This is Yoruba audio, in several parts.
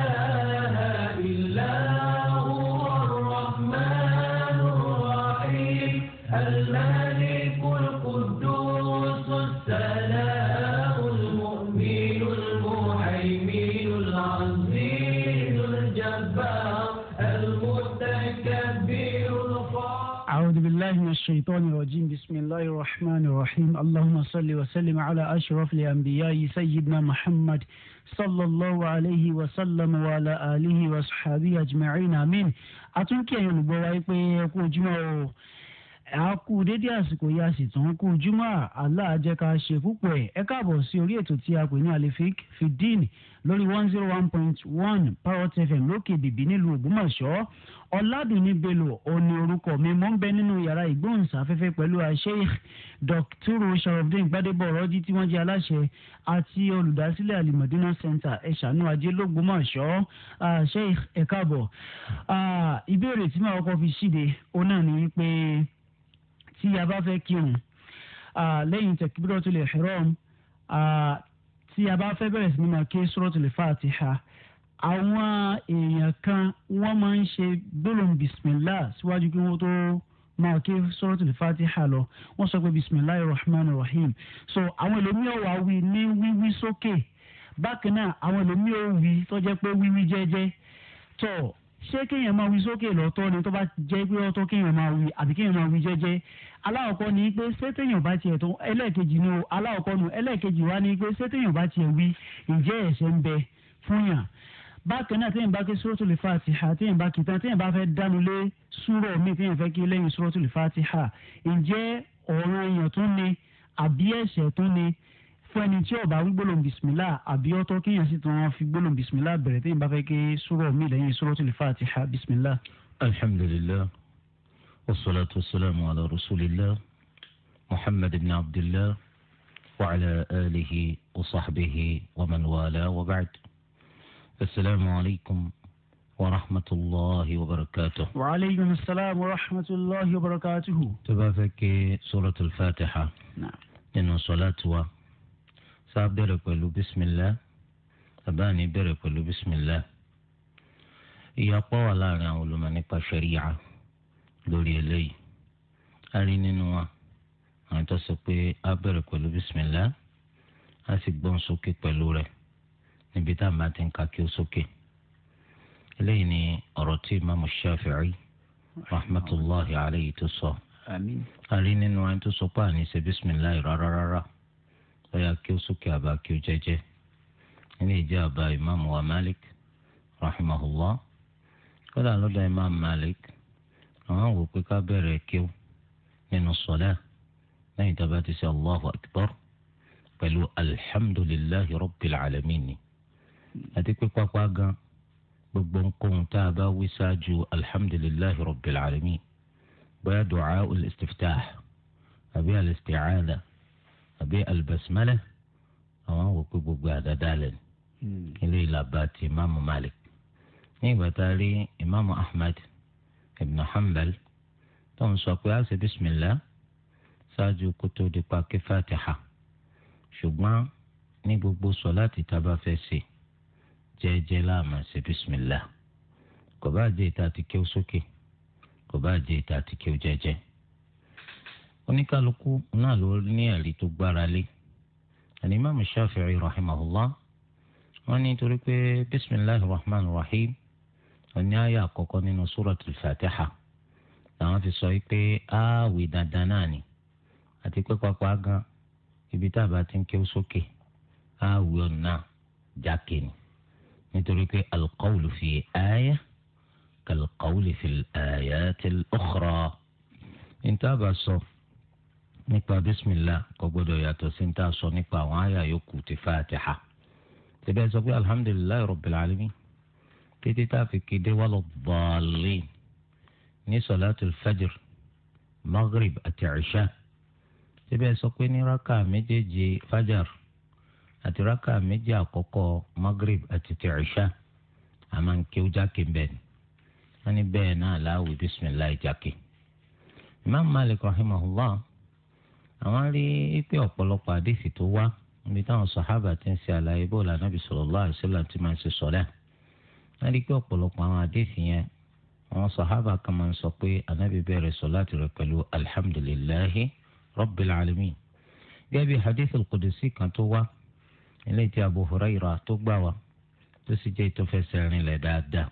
إله إلا أنت وصل وسلم على أشرف الأنبياء سيدنا محمد صلى الله عليه وسلم وعلى آله وصحبه أجمعين آمين أتوكي أن بوايبي كوجمع a kú dédé àsìkò yìí a sì tún kú jùmọ̀ Allah jẹ́ ká ṣe púpọ̀ ẹ̀ ẹ káàbọ̀ sí orí ètò tí a pè ní alifik fidin lórí one zero one point one parrot fm lókè bìbí nílùú Ògbómọ̀ṣọ́ ọ̀làdùnní bello òní orúkọ mi mo ń bẹ nínú yàrá ìgbóhùnsáfẹ́fẹ́ pẹ̀lú Sheikh Dr. sharafdin gbadebo ọ̀rọ̀jì tí wọ́n jẹ́ aláṣẹ àti olùdásílẹ̀ alimọ̀dínà center ẹ̀ṣánú ajé lógbómọ̀ṣọ́ Sheikh ẹ káàbọ̀ ìbéèrè tí màá kọ́ fi ṣíde ó náà ní pé tí a bá fẹ́ kírun lẹ́yìn takbiratul ihram tí a bá fẹ́ bẹ̀rẹ̀ sí fatiha àwọn èèyàn kan wọ́n máa ń ṣe gbólóhùn bisimilá síwájú kí wọ́n tó máa ké suratul fatiha lọ wọ́n sọ pé bisimilahi rahman rahim so àwọn ẹlòmíràn wà wí ní wíwí sókè bákan náà àwọn ẹlòmíràn wí tó jẹ́ pé wíwí jẹ́jẹ́ tó ṣé kéèyàn máa wí sókè lọ́tọ̀ ni tó bá jẹ́ pé ọ̀tọ̀ kéèyàn máa wí àbí kéèyàn máa wí jẹ́jẹ́ aláwọ̀kọ́ ni pé ṣé téèyàn bá tiẹ̀ tó ẹlẹ́ẹ̀kejì ni o aláwọ̀kọ́ nu ẹlẹ́ẹ̀kejì wá ni pé ṣé téèyàn bá tiẹ̀ wí ǹjẹ́ ẹ̀ṣẹ̀ ń bẹ fún bákan náà téèyàn bá ké suratul fatiha téèyàn bá kìtàn téèyàn bá fẹ́ dánu lé súrọ̀ mi téèyàn fẹ́ ké lẹ́yìn suratul fatiha ǹjẹ́ ọ̀ràn èèyàn tún ni àbí ẹ̀ṣẹ̀ tún ni fún ẹni tí ó bá wí gbólóhùn bisimilá àbí ọ̀tọ̀ kéèyàn sì tún fi gbólóhùn bisimilá bẹ̀rẹ̀ téèyàn bá fẹ́ ké súrọ̀ mi lẹ́yìn suratul fatiha bisimilá. alhamdulillah wassalatu wassalamu ala rasulillah muhammad wa ala wa sahbihi wa man السلام عليكم ورحمة الله وبركاته وعليكم السلام ورحمة الله وبركاته تبافك سورة الفاتحة نعم إن صلاة و ولو بسم الله أباني برك بسم الله يقول لنا أول من شريعة لولي لي أرين نوا أنت سبي أبرك ولو بسم الله أسيب بنسوكي بلوري níbi tá a máa ti ń ka kí ó sókè eléyìí ni ọ̀rọ̀ tí imaamu shafi'i rahmatulahi alayhi tó sọ àrí nínú ẹni tó sọ pé àní ṣe bisimilahi rárá rárá lọ́yà kí ó sókè àbá kí ó jẹ́jẹ́ nínú ìjẹ́ àbá imaamu wa malik rahimahullah kódà lọ́dọ̀ imaamu malik àwọn wò pé ká bẹ̀rẹ̀ kí ó nínú sọ̀lá lẹ́yìn tó bá ti ṣe allahu akbar pẹ̀lú alhamdulilahi rabbil alamin ni àti pé pápá gan gbogbo nǹkan tá a bá wí ṣáájú alhamdulilayi rabbil alamin bóyá du'a al-istiftah àbí al-isti'adha àbí al-basmala àwọn wò pé gbogbo àdáda lẹ ní hmm. ilé ìlàbà ti imaamu malik ní ìgbà tá a rí imaamu ahmed ibn hanbal tó ń sọ pé a ṣe bisimilah ṣáájú kó tó kí fatiha ṣùgbọ́n ní gbogbo sọ láti tá fẹ́ ṣe jẹ́ẹ́jẹ́ láàmú ṣe bísímìlá kò bá jẹ́ ìta ti kí ó sókè kò bá jẹ́ ìta ti kí ó jẹ́ẹ́jẹ́ oníkálukú náà ló ní ẹ̀rí tó gbára lé alimami shafi'i rahimahullah wọn ní torí pé bisimilahi rahman rahim oní ayé àkọ́kọ́ nínú suratul fatiha làwọn fi sọ pé aáwì dandan náà ni àti pé pápá gan ibi tá a bá ti ń kí ó sókè aáwì ọ̀nà jákè ni nítorí pé alqawlu fi aya kalqawli fi ayati al-ukhra ntaaba sọ nípa bisimilah kò gbọdọ̀ yàtọ̀ sí ntaaba sọ nípa àwọn àyà yòókù ti fatiha tẹbẹ sọ pé alhamdulilayi rabbil alamin títí tá a fi kéde wà lọ bọ́ọ̀lì ní sọláàtù fajr maghrib àti ìṣá tẹbẹ sọ pé ní raka méjèèjì fajar àti rákà méjì àkọ́kọ́ magrib àti tẹ̀ríṣà a máa ń kéwú jákè bẹ́ẹ̀ ni wọ́n ní bẹ́ẹ̀ náà láwùí bisimilahi jákè. imam malik rahimahullah àwọn rí ipe ọ̀pọ̀lọpọ̀ àdéhì tó wá níbi táwọn sàhábà ti ń ṣe àlàyé bó la nàbì sallallahu alaihi wasallam ti máa ń ṣe sọ̀lá wọ́n rí pé ọ̀pọ̀lọpọ̀ àwọn àdéhì yẹn àwọn sàhábà kan máa ń sọ pé ànábì bẹ̀rẹ̀ sọ̀lá tirẹ̀ pẹ̀lú alhamdulillahi rabbil alamin gẹ́gẹ́ bí hadith al-qudusi kan tó wá eléyìí tí Abu Hurairah tó gbà wá tó sì jẹ́ ìtọ́fẹsẹ̀ rìn lẹ̀ dáadáa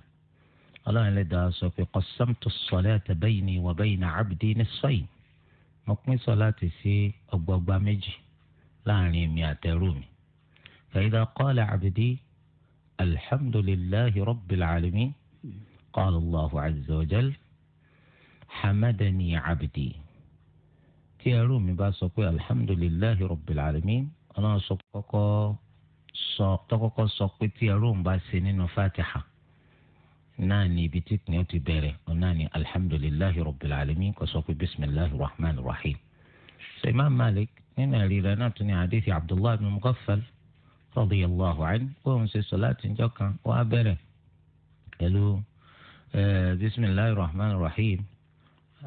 ọlọ́run lè dáa sọ pé qassamtu ssalata bayni wa bayna abdi nisfayn mo pín sọláàtì sí ọgbọọgba méjì láàrin èmi àtẹrù mi fa idha qala abdi alhamdulillahi rabbil alamin qala hamadani abdi tí ẹrú mi bá sọ pé alhamdulillahi rabbil alamin ọlọ́run sọ kọ́kọ́ sọ tọ́kọ́kọ́ sọ pé tí ẹrú òun bá ṣe nínú fatiha náà ni ibi tí kìnìún ti bẹ̀rẹ̀ náà ni alihamudulilayi rabbil alamin kò sọ pé bisimilahi rahman rahim. ṣe Imam Malik nínú ìrírẹ náà tún ní hadithi abdullahi bin mughaffal radiyallahu anhu kó òun ṣe sọláàtì ìjọ kan ó á bẹ̀rẹ̀ pẹ̀lú bisimilahi rahman rahim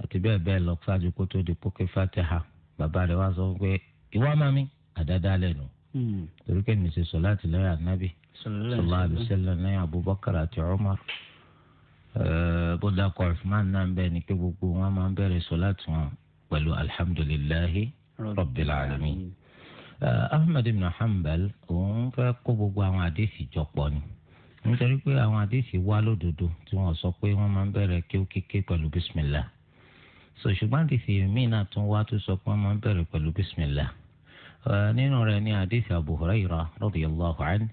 àti bẹ́ẹ̀ bẹ́ẹ̀ lọ ṣáájú kó di pókè fatiha bàbá rẹ̀ wá sọ pé ìwà máa mi àdáadáa lẹ́nu hmm. torí kẹ́mi ṣe sọ láti lẹ́yìn ànábì sọlá àbísẹ́lẹ̀ lẹ́yìn Abubakar àti Umar bódà kọ̀ọ̀fùmáà náà ń bẹ̀ ni pé gbogbo wọn máa ń bẹ̀rẹ̀ sọ láti wọn pẹ̀lú alhamdulilahi rabbil alamin. Ahmad ibn Hanbal òun fẹ́ kó gbogbo àwọn àdéhìí jọpọ̀ ni nítorí pé àwọn àdéhìí wá lódodo tí wọ́n sọ pé wọ́n máa ń bẹ̀rẹ̀ kí ó kéke pẹ̀lú bismillah so àdéhìí míì náà tún wá tó sọ pé wọ́n máa ń bẹ̀rẹ̀ pẹ̀lú bismillah nínú rẹ̀ ní hadith Abu Hurairah radiyallahu anhu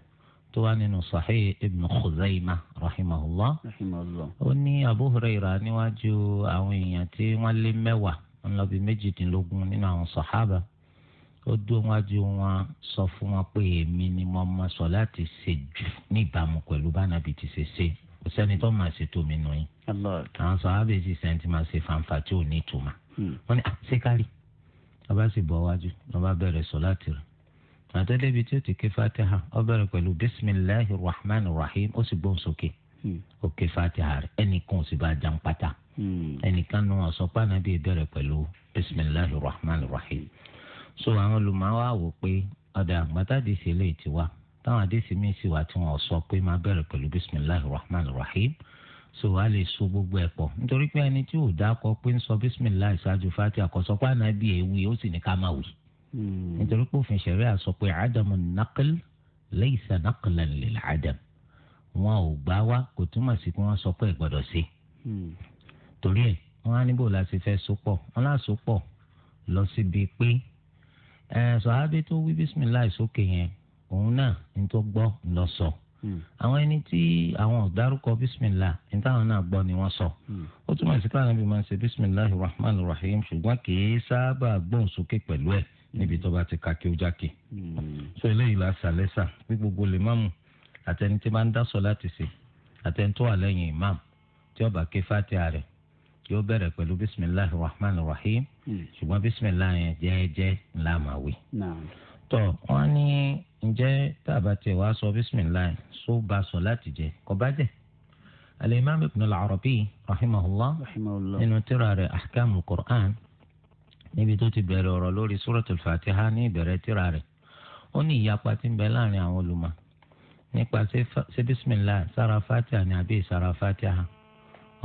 tó wá nínú sahih ibn Khuzaimah rahimahullah ó ní Abu Hurairah níwájú àwọn èèyàn tí wọ́n lé mẹ́wàá wọ́n lọ bí méjìdínlógún nínú àwọn sàhábà ó dúró wájú wọn sọ fún wọn pé èmi ni mo mọ sọ láti ṣe jù níbàámu pẹ̀lú bánàbì ti ṣe ṣe kò sẹ́ni tó máa ṣe tó mi nù yín àwọn sàhábà èsì sẹ́ni tí máa ṣe fanfa tí ò ní ìtumọ̀ hmm. wọ́n ní àṣekárí ah, ọba sì bọ́ wájú ọba bẹ̀rẹ̀ sọ́láàtì rẹ̀ àtẹ́lẹ́ ibi tí ó ti ké fatiha ó bẹ̀rẹ̀ pẹ̀lú bisimilahi rahman rahim ó sì gbóhùn sókè hmm. ó ké fatiha rẹ̀ ẹnìkan ò sì bá jan pátá hmm. ẹnìkan nù ọ̀sọ́pá náà bí bẹ̀rẹ̀ pẹ̀lú bisimilahi rahman rahim so àwọn olùmọ̀wá wò pé ọ̀dà àgbàtàdé sì lè ti wá táwọn àdéhìí sì wá tí wọn sọ pé máa bẹ̀rẹ̀ pẹ̀lú bisimilahi rahman rahim so a lè so gbogbo ẹ pọ̀ nítorí pé ẹni tí ò dákọ pé ń sọ bísímìlá ìṣáájú fati àkọsọpọ ànábì èwi ó sì ní ká máa wì. Hmm. nítorí pé òfin ṣẹ̀ríà sọ pé ádámù nàkìl laysa nàkìlan lil ádám wọn ò gbá wa kò túmọ̀ sí pé wọ́n sọ pé ìgbọ́dọ̀ sí. Hmm. torí ẹ wọn á níbò láti fẹ́ so pọ̀ wọn á so pọ̀ lọ síbi pé ẹ sọ̀hábí tó wí bísímìlá ìsókè yẹn òun náà ní tó gbọ́ lọ sọ. So Hmm. àwọn ẹni tí àwọn ọ̀dárúkọ bísímìlá ní táwọn náà gbọ́ ni wọ́n sọ hmm. ó túmọ̀ sí pé àwọn ibi máa ń ṣe bísímìláhi rahman rahim ṣùgbọ́n kì í sábà gbóhùn sókè pẹ̀lú ẹ̀ níbi hmm. tó bá ti ka kí ó jákè so eléyìí la ṣàlẹ́sà pé gbogbo lè má mu àtẹni tí máa ń dá sọ láti ṣe àtẹni tó wà lẹ́yìn imam tí ó bá ké fatiha rẹ̀ yóò bẹ̀rẹ̀ pẹ̀lú bisimilahi rahman rahim ṣùgbọ́n bisimilahi yẹn jẹ́ẹ́jẹ́ ńlá màwí tọ wọn ní ǹjẹ́ tábà tiẹ̀ wàá sọ bisimilayi sọ bá sọ láti jẹ kọ bá jẹ alimami ibn al-arabi rahimahullah nínú tírà rẹ̀ ahkamul qur'an níbi tó ti bẹ̀rẹ̀ ọ̀rọ̀ lórí suratul fatiha ní ìbẹ̀rẹ̀ tírà rẹ̀ ó ní ìyapa tí ń bẹ láàrin àwọn olùmọ̀ nípa ṣe bisimilayi sára fatiha ní àbí sára fatiha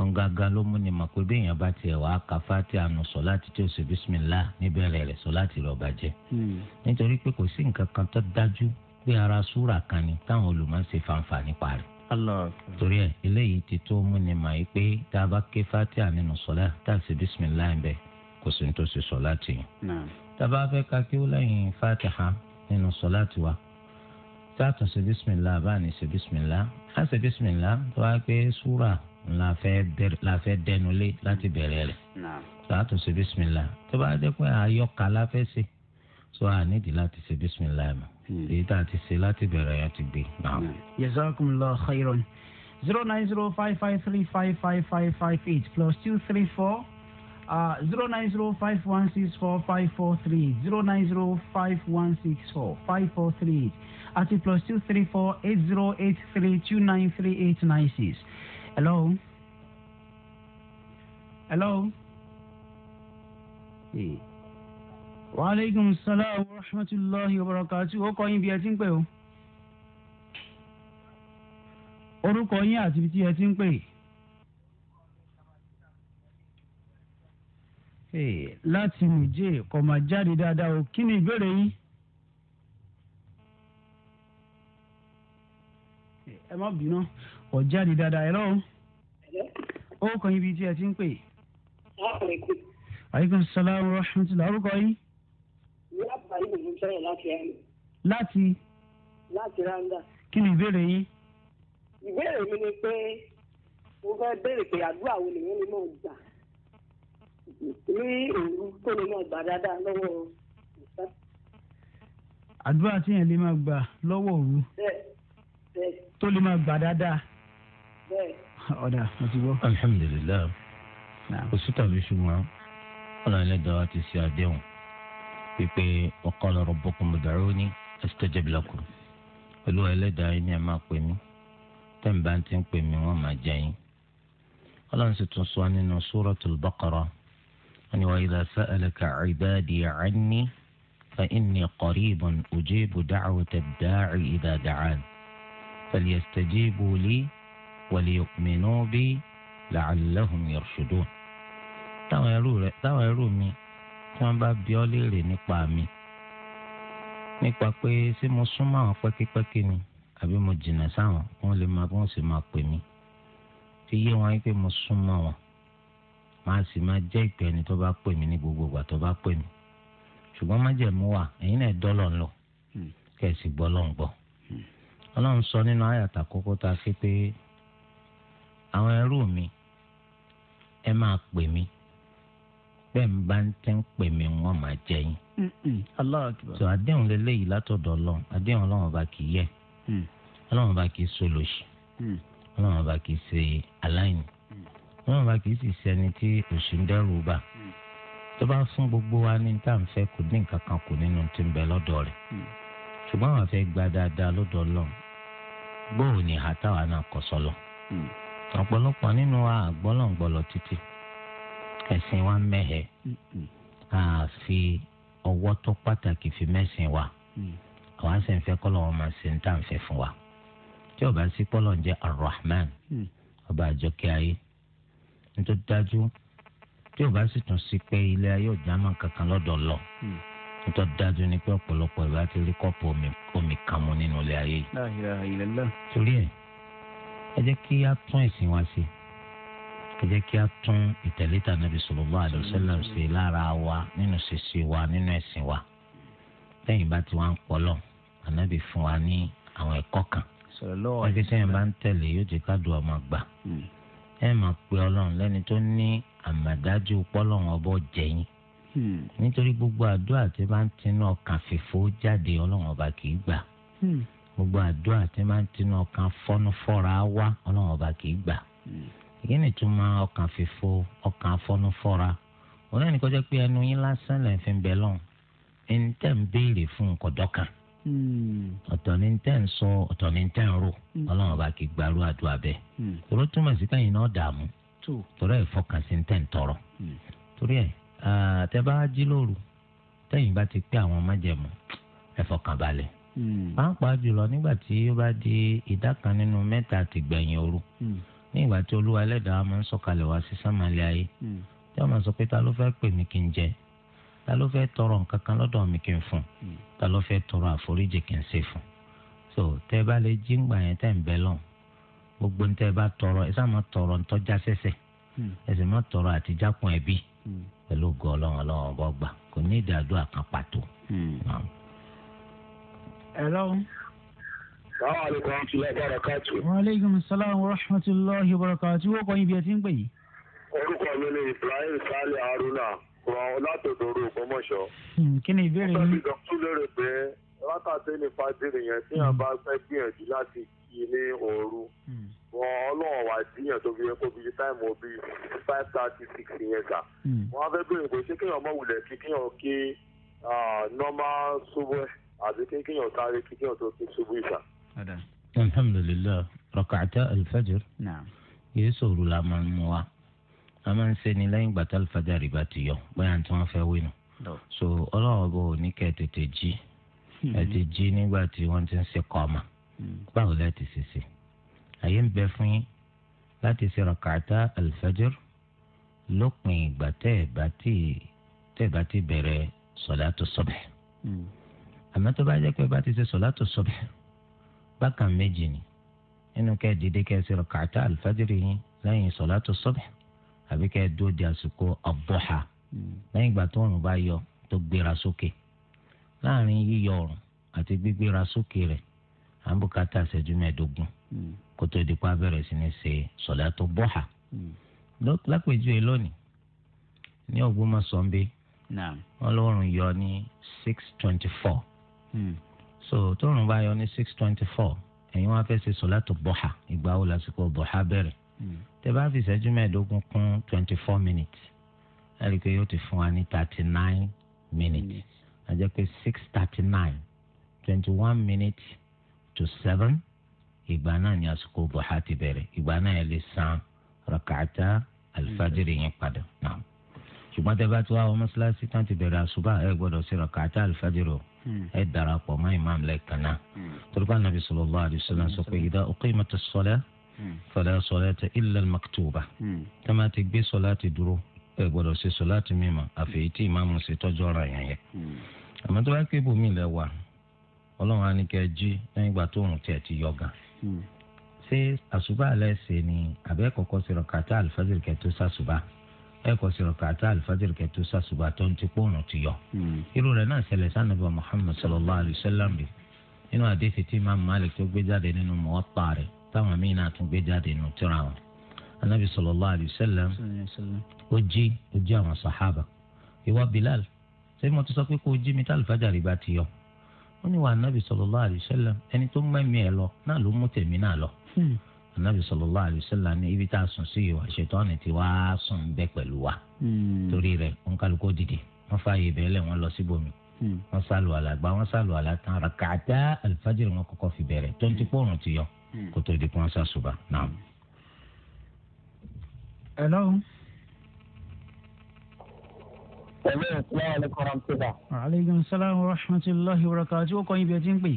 ọ̀ngangan ló mú ni mà pé bí èèyàn bá tiẹ̀ wàá ka fáti àánú sọ láti tí o sì bísímìlá níbẹ̀rẹ̀ rẹ̀ sọ láti rọ̀ bàjẹ́. Hmm. nítorí pé kò sí nǹkan kan tó dájú pé ara súrà kan ni táwọn olùmọ̀ọ́sẹ̀ fanfa nípa rẹ̀. torí ẹ eléyìí ti tó mú ni mà yìí pé tá a bá ké fáti àánú sọlá tá a sì bísímìlá ń bẹ kò sí tó sì sọ láti yìí. tá a bá fẹ́ ka kí ó lẹ́yìn fatiha nínú sọ láti wa tá a tún ṣe bísímìlá la fẹ́ dẹnu lé láti bẹ̀rẹ̀ rẹ̀ sàtò ṣe bisimilá tó bá dé pé àyọkà la fẹ́ ṣe so a nídìí láti ṣe bisimilá mọ́ hmm. èyí tá a ti ṣe láti bẹ̀rẹ̀ yẹn ti gbé. jazakumullahu khairan zero nine zero five five three five five five five eight plus two three four uh, zero nine zero five one six four five four three zero nine zero five one six four five four three eight àti plus two three four eight zero eight three two nine three eight nine six hello hello. wa aleykum salaam wa rahmatulahi wa barakati o kọ́ yín bí ẹ ti ń pè o. orúkọ yín àti ibi tí ẹ ti ń pè. láti nìjẹ́ kó máa jáde dáadáa o kí ni ìbéèrè yín. ẹ má bínú kò jáde dáadáa ẹ̀rọ o kàn yín bíi tí ẹ ti ń pè. aleykum salaam wa rahmatulah orúkọ yín. láti àyè ìlú sọ̀rọ̀ láti ẹ̀rọ. láti. láti randa. kí ni ìbéèrè yín. ìbéèrè mi ni pé mo fẹ́ béèrè pé àdúrà wo nìyẹn ni mò ń gbà ní òru tó lè máa gbà dáadáa lọ́wọ́ àdúrà tí yẹn lè máa gbà lọ́wọ́ òru tó lè máa gbà dáadáa. الحمد لله وستها بشمع أنا لدوات السيادين وقال ربكم ادعوني استجب لكم ولو لدى إني ما قيمي تم بانتين قيمي وما جاين قال أن ستنصواني سورة البقرة أن وإذا سألك عبادي عني فإني قريب أجيب دعوة الداعي إذا دعان فليستجيبوا لي wàlíyọ̀kùnmínú bí làálẹ́hùn yọ̀ṣọ́dọ̀ táwọn ẹrú mi tí wọ́n bá bi ọ́ léèrè nípa mi nípa pé ṣé mo súnmọ́ àwọn pẹ́kípẹ́kí ni àbí mo jìnnà sáwọn wọ́n lè máa bí wọ́n sì máa pè mí fi yé wọn pé mo súnmọ́ wọn máa sì máa jẹ́ ìpè ẹni tó bá pè mí ní gbogbo ìgbà tó bá pè mí ṣùgbọ́n májẹ̀mú wà ẹ̀yin náà dọ́lọ̀ ńlọ hmm. kẹ̀sì gbọ́ lọ́n hmm. ọlọ́run sọ nínú àyàtà kókó tá a pé àwọn ẹrú mi ẹ máa pè mí bẹ́ẹ̀ ń bá ń tẹ́ ń pè mí wọ́n máa jẹ yín. tó àdéhùn lélẹ́yìí látọ̀dọ̀ ọlọ́run àdéhùn ọlọ́run ọba kì í yẹ̀ mm. ọlọ́run ọba kì í ọlọ́run ọba ṣe aláìní ọlọ́run ọba kì mm. tí ń mm. fún gbogbo wa tá à kò ní nǹkan kan nínú tí ń bẹ lọ́dọ̀ rẹ̀ ṣùgbọ́n àwọn afẹ́ gba ọ̀pọ̀lọpọ̀ nínú wa àgbọ́lọ̀ngbọ̀lọ̀ títì ẹ̀sìn wa mẹ́hẹ̀ á fi ọwọ́ tó pàtàkì fi mẹ́sìn wa mm. àwọn àṣẹ ìfẹ́ kọ́ lọ́wọ́ máa ṣe ń tà ń fẹ́ fún wa tí ọba sí pọ́lọ̀ ń jẹ́ arahman mm. ọba àjọkẹ́ ayé nítorí dájú tí ọba sì tún sí pé ilé ayé ọ̀já máa kankan lọ́dọ̀ lọ mm. nítorí dájú ni pé ọ̀pọ̀lọpọ̀ ìbá ti rí kọ́ọ̀pù omi kan mu nínú ilé ayé yìí ẹ jẹ́ kí á tún ẹ̀sìn wa ṣe ẹ jẹ́ kí á tún ìtẹ̀lẹ́tà nàbì sallallahu alaihi wasallam ṣe lára wa nínú ṣèṣe wa nínú ẹ̀sìn wa lẹ́yìn bá ti wá ń pọ̀ lọ ànábì fún wa ní àwọn ẹ̀kọ́ kan ẹgbẹ́ sẹ́yìn bá ń tẹ̀lé yóò ti ká dùn ọmọ gbà hmm. ẹ máa pe ọlọ́run lẹ́ni tó ní àmàdájú pọ́lọ́run ọbọ̀ jẹ̀yìn hmm. nítorí gbogbo àdúrà tí bá ń tinú ọkàn fìfó jáde ọlọ́run ọba kì í gbà hmm gbogbo àdúrà tí máa ń tinú ọkàn fọ́nú fọ́ra wá ọlọ́run ọba kì í gbà èyí hmm. ni tún máa ọkàn fìfo ọkàn fọ́nú fọ́ra òun náà ní kọjá pé ẹnu yín lásán lè fi bẹ̀ lọ́hùn ẹni tẹ́ ń béèrè fún nǹkan dọ́kàn hmm. ọ̀tọ̀ ni tẹ́ ń sọ ọ̀tọ̀ ni tẹ́ ń rò hmm. ọlọ́run ọba kì í gbàrú àdúrà bẹ́ẹ̀ tòró túmọ̀ sí káyìn náà dààmú tòró ìfọkànsí tẹ́ ń tọrọ torí ẹ̀ tẹ́ Hmm. pàápàá jùlọ nígbà tí ó bá di ìdá kan nínú mẹ́ta ti gbẹ̀yìn òru hmm. ní ìgbà tí olúwa ẹlẹ́dàá máa ń sọ̀kalẹ̀ wá sí sánmàlẹ̀ ayé hmm. tí wọ́n máa sọ pé ta ló fẹ́ pè mí kí n jẹ ta ló fẹ́ tọrọ nǹkan kan lọ́dọ̀ mi kí n fún ta ló fẹ́ tọrọ àforíjì kí n ṣe fún so tẹ́ bá lè jí ngbà yẹn tẹ́ ń bẹ lọ́n gbogbo tẹ́ bá tọrọ ẹ sáà máa tọrọ ntọ́já sẹ́sẹ̀ ẹ sì máa tọrọ àtijákun ẹbí pẹ̀lú gọ́ ọlọ́run ọlọ́run ọgbọ́gba kò ní ìdádúrà kan Hello. Wa aleykum salaam wa rahmatulahi wa barakatuh. Wọ́n kọ́ ibi ẹ̀ tí ń pè yìí. Orúkọ mi ni Ibrahim Sali Haruna, ọ̀rọ̀ látòdòrò Ògbómọ̀ṣọ́. Hmm, kí ìbéèrè yín? Wọ́n fẹ́ fi pé látàtí ní fàdírì yẹn tí yàn hmm. bá fẹ́ gbìyànjú láti kí ní òru. Hmm. Wọ́n ọlọ́wọ̀n wà díyàn tó fi yẹ kó fi táìmù òbí five thirty six yẹn kà. Wọ́n á fẹ́ bẹ̀rẹ̀ pé kéèyàn mọ̀ wulẹ̀ kí kéèyàn kí normal sobẹ̀ àti kéèyàn sáré kéèyàn tó tún ṣubú ìṣà. alhamdulilayi rakata alfajr yìí sòrò la máa ń mú wa a máa ń ṣe ni lẹ́yìn gbàtà alfajr rìbá ti yọ báyà tí wọ́n fẹ́ wí so ọlọ́run bò ní kẹ́ ẹ tètè jí ẹ ti hmm. jí nígbà tí wọ́n ti ń ṣe kọ́ ọmọ hmm. báwo lẹ́ ti ṣe ṣe àyè ń bẹ fún yín láti ṣe rakata alfajr lópin ìgbà tẹ́ ẹ̀ bá ti bẹ̀rẹ̀ sọ̀dá tó sọ̀bẹ̀ àmọ́ tó bá jẹ́ pé bá ti ṣe sọ̀látò sọ̀bẹ̀ bákan méjì ni nínú kẹ́ dìde kẹ́ ṣe rọ̀kàtà àlùfájìrì yín lẹ́yìn sọ̀látò sọ̀bẹ̀ àbí kẹ́ dó di àsìkò àbọ̀hà lẹ́yìn ìgbà tó òrùn bá yọ tó gbéra sókè láàrin yíyọ òrùn àti gbígbéra sókè rẹ̀ à ń bùkátà ṣẹ́jú mẹ́ẹ̀ẹ́dógún kó tó di pa sí ní ṣe sọ̀látò bọ̀hà lápèjúwe lónìí ní Ògbómọ̀ṣọ́ ń bẹ wọ́n lọ́rùn yọ ní six twenty four Hmm. so tóòrùn bá yọ ní six twenty four ẹ̀yin wá fẹ́ ṣe sọ̀látù bọ́hà ìgbà wo lásìkò bọ́hà bẹ̀rẹ̀ hmm. tẹ bá fi ìṣẹ́jú mẹ́ẹ̀ẹ́dógún kún twenty four minutes ẹ rí i pé yóò ti fún wa ní thirty nine minutes a jẹ́ pé six thirty nine twenty one minutes to seven ìgbà náà ni àsìkò bọ́hà ti bẹ̀rẹ̀ ìgbà náà ẹ lè san rakata alifajiri yẹn padà náà ṣùgbọ́n tẹ bá ti wá ọmọ síláṣí tán ti bẹ̀rẹ̀ àṣùbà ẹ gbọ́dọ̀ sí rakata alifajiri o. Hmm. ẹ darapọ̀ mọ́ imam lẹ́ẹ̀kan náà hmm. torípa nàbí sallallahu alaihi wasallam sọ pé idha uqimatis salah hmm. fala salata illa al-maktuba tá má ti gbé sọlá ti dúró ẹ gbọ́dọ̀ ṣe sọlá ti mímọ́ àfẹ́yìí tí ìmáàmù ṣe tọ́jú ọ̀rọ̀ yẹn yẹn àmọ́ tó bá ké bòmí lẹ wà ọlọ́run á ní kẹ́ ẹ jí lẹ́yìn ìgbà tó òun tiẹ̀ ti yọ ṣé àṣùbà alẹ́ ṣe ni àbẹ́ kọ̀ọ̀kan ṣe rọ̀kàtà àlùfáàsì kẹ́ ẹ kò sí rakata alifajiri kẹtù sàṣùbà tó ń ti kóòrùn ti yọ. Hmm. irú rẹ̀ náà ṣẹlẹ̀ sànàbà muhammed sallallahu alayhi wa sallam bi nínú àdéhìí tí imaamu malik tó gbé jáde nínú muwatta rẹ̀ táwọn míín náà tún gbé jáde nínú tírà wọn. anabi sallallahu alayhi wa sallam ó jí ó jí àwọn sahaba ìwà bilal ṣé mo ti sọ pé kó o jí mi tí alifajiri bá ti yọ. ó ní wà anabi sallallahu alayhi wa sallam ẹni tó mẹ́mí ẹ lọ náà ló mú tèmi náà lọ. Hmm anabi sallallahu alaihi wasallam ní ibi tá a sùn sí ìwà ṣètọ́ni tí wàá sùn bẹ́ẹ̀ pẹ̀lú wa hmm. torí rẹ̀ òǹkálukó dìde wọ́n fààyè bẹ́ẹ̀lẹ̀ wọn lọ síbòmí hmm. wọ́n sálù àlàgbà wọ́n sálù àlàtàn ràkàtà àlùfájìrì wọn kọ́kọ́ fi bẹ̀rẹ̀ tó ń ti pòrùn ti yọ hmm. kó tó di kí wọ́n sàṣùbà náà. hello. ẹ̀mí ìsìlẹ̀ ẹ̀lẹ́kọ̀ọ́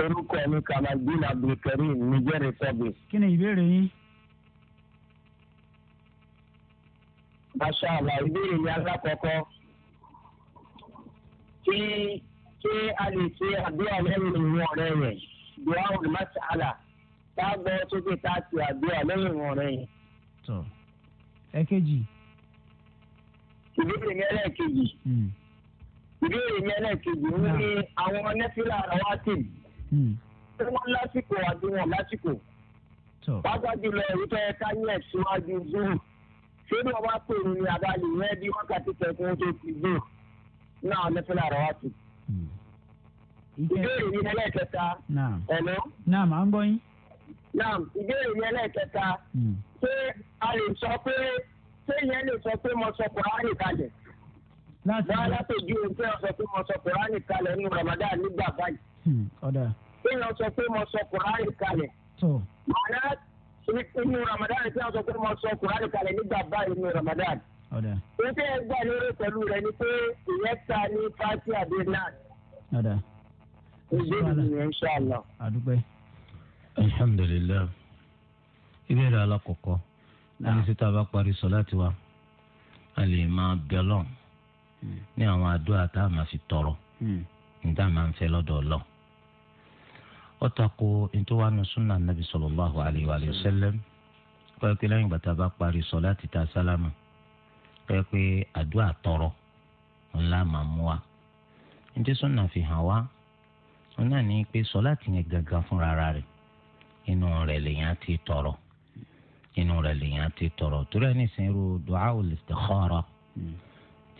orúkọ mi kamaldeen abdulkareem niger republic. kí ni ìbéèrè yín. mashala ìbéèrè yẹn alákọ̀ọ́kọ́ kí ṣé a lè ṣe àdúrà lẹ́yìn ìwọ̀n ọ̀rẹ́ rẹ̀ dùwà olùmọ̀ṣálà tá a gbọ́ sókè tá a ṣe àdúrà lẹ́yìn ìwọ̀n ọ̀rẹ́ yẹn. tọ ẹ̀kejì. ìbéèrè yẹn lẹ́ẹ̀kejì. Mm ìbéèrè mi ẹlẹ́ẹ̀kejì ń ní àwọn nẹ́fílà rawatib tí hmm. wọ́n lásìkò àti wọn lásìkò wákàtí lọ èyí tó yẹ ká yẹ síwájú zuru ṣé bí wọ́n bá pè mí ní abalẹ̀ ìwé bí wákàtí kẹ̀kún tó ti gbé náà nẹ́fílà rawatib. Hmm. ìbéèrè mi ẹlẹ́ẹ̀kẹta ẹ̀lọ́. náà máa ń gbọ́ yín. náà ìbéèrè mi ẹlẹ́ẹ̀kẹta hmm. ṣé a lè sọ pé ṣé ìyẹn lè sọ pé mo sọ kùránì kalẹ̀ wọ́n alápèjú ẹgbẹ́ ọ̀sọ̀ pé mo sọ kùránì kalẹ̀ ní Ramadan nígbà báyìí. kéèyàn sọ pé mo sọ kùránì kalẹ̀. Hmm, màánà inú Ramadan kéèyàn sọ pé mo sọ kùránì kalẹ̀ nígbà báyìí ní Ramadan. oúnjẹ ẹgbà lérò pẹ̀lú rẹ ni pé ìyẹn ta ní fásitì àbí náà. ìbéèrè nìyẹn ṣáàlà. alhamdulilayi ìbéèrè alákọ̀ọ́kọ́ láti síta bá parí sọ láti wá a lè máa bẹ̀ lọ́n Hmm. ní àwọn àdúrà tá a máa fi tọrọ hmm. níta máa ń fẹ́ lọ́dọ̀ lọ. ó tako ntọ́wánu sunna nabi sallallahu alayhi wa sallam kọ́ẹ́ pé lẹ́yìn bàtà bá parí sọ̀láàtì ta sálámà kọ́ẹ́ pé àdúrà tọrọ ńlá máa mú wa. ntí sunna fi hàn wá wọn náà ní pé sọ̀láàtì yẹn gangan fúnra rẹ̀ inú rẹ̀ lèyàn ti tọrọ inú rẹ̀ lèyàn ti tọrọ torí ẹni sìn irú du'a ul istikhara. Hmm.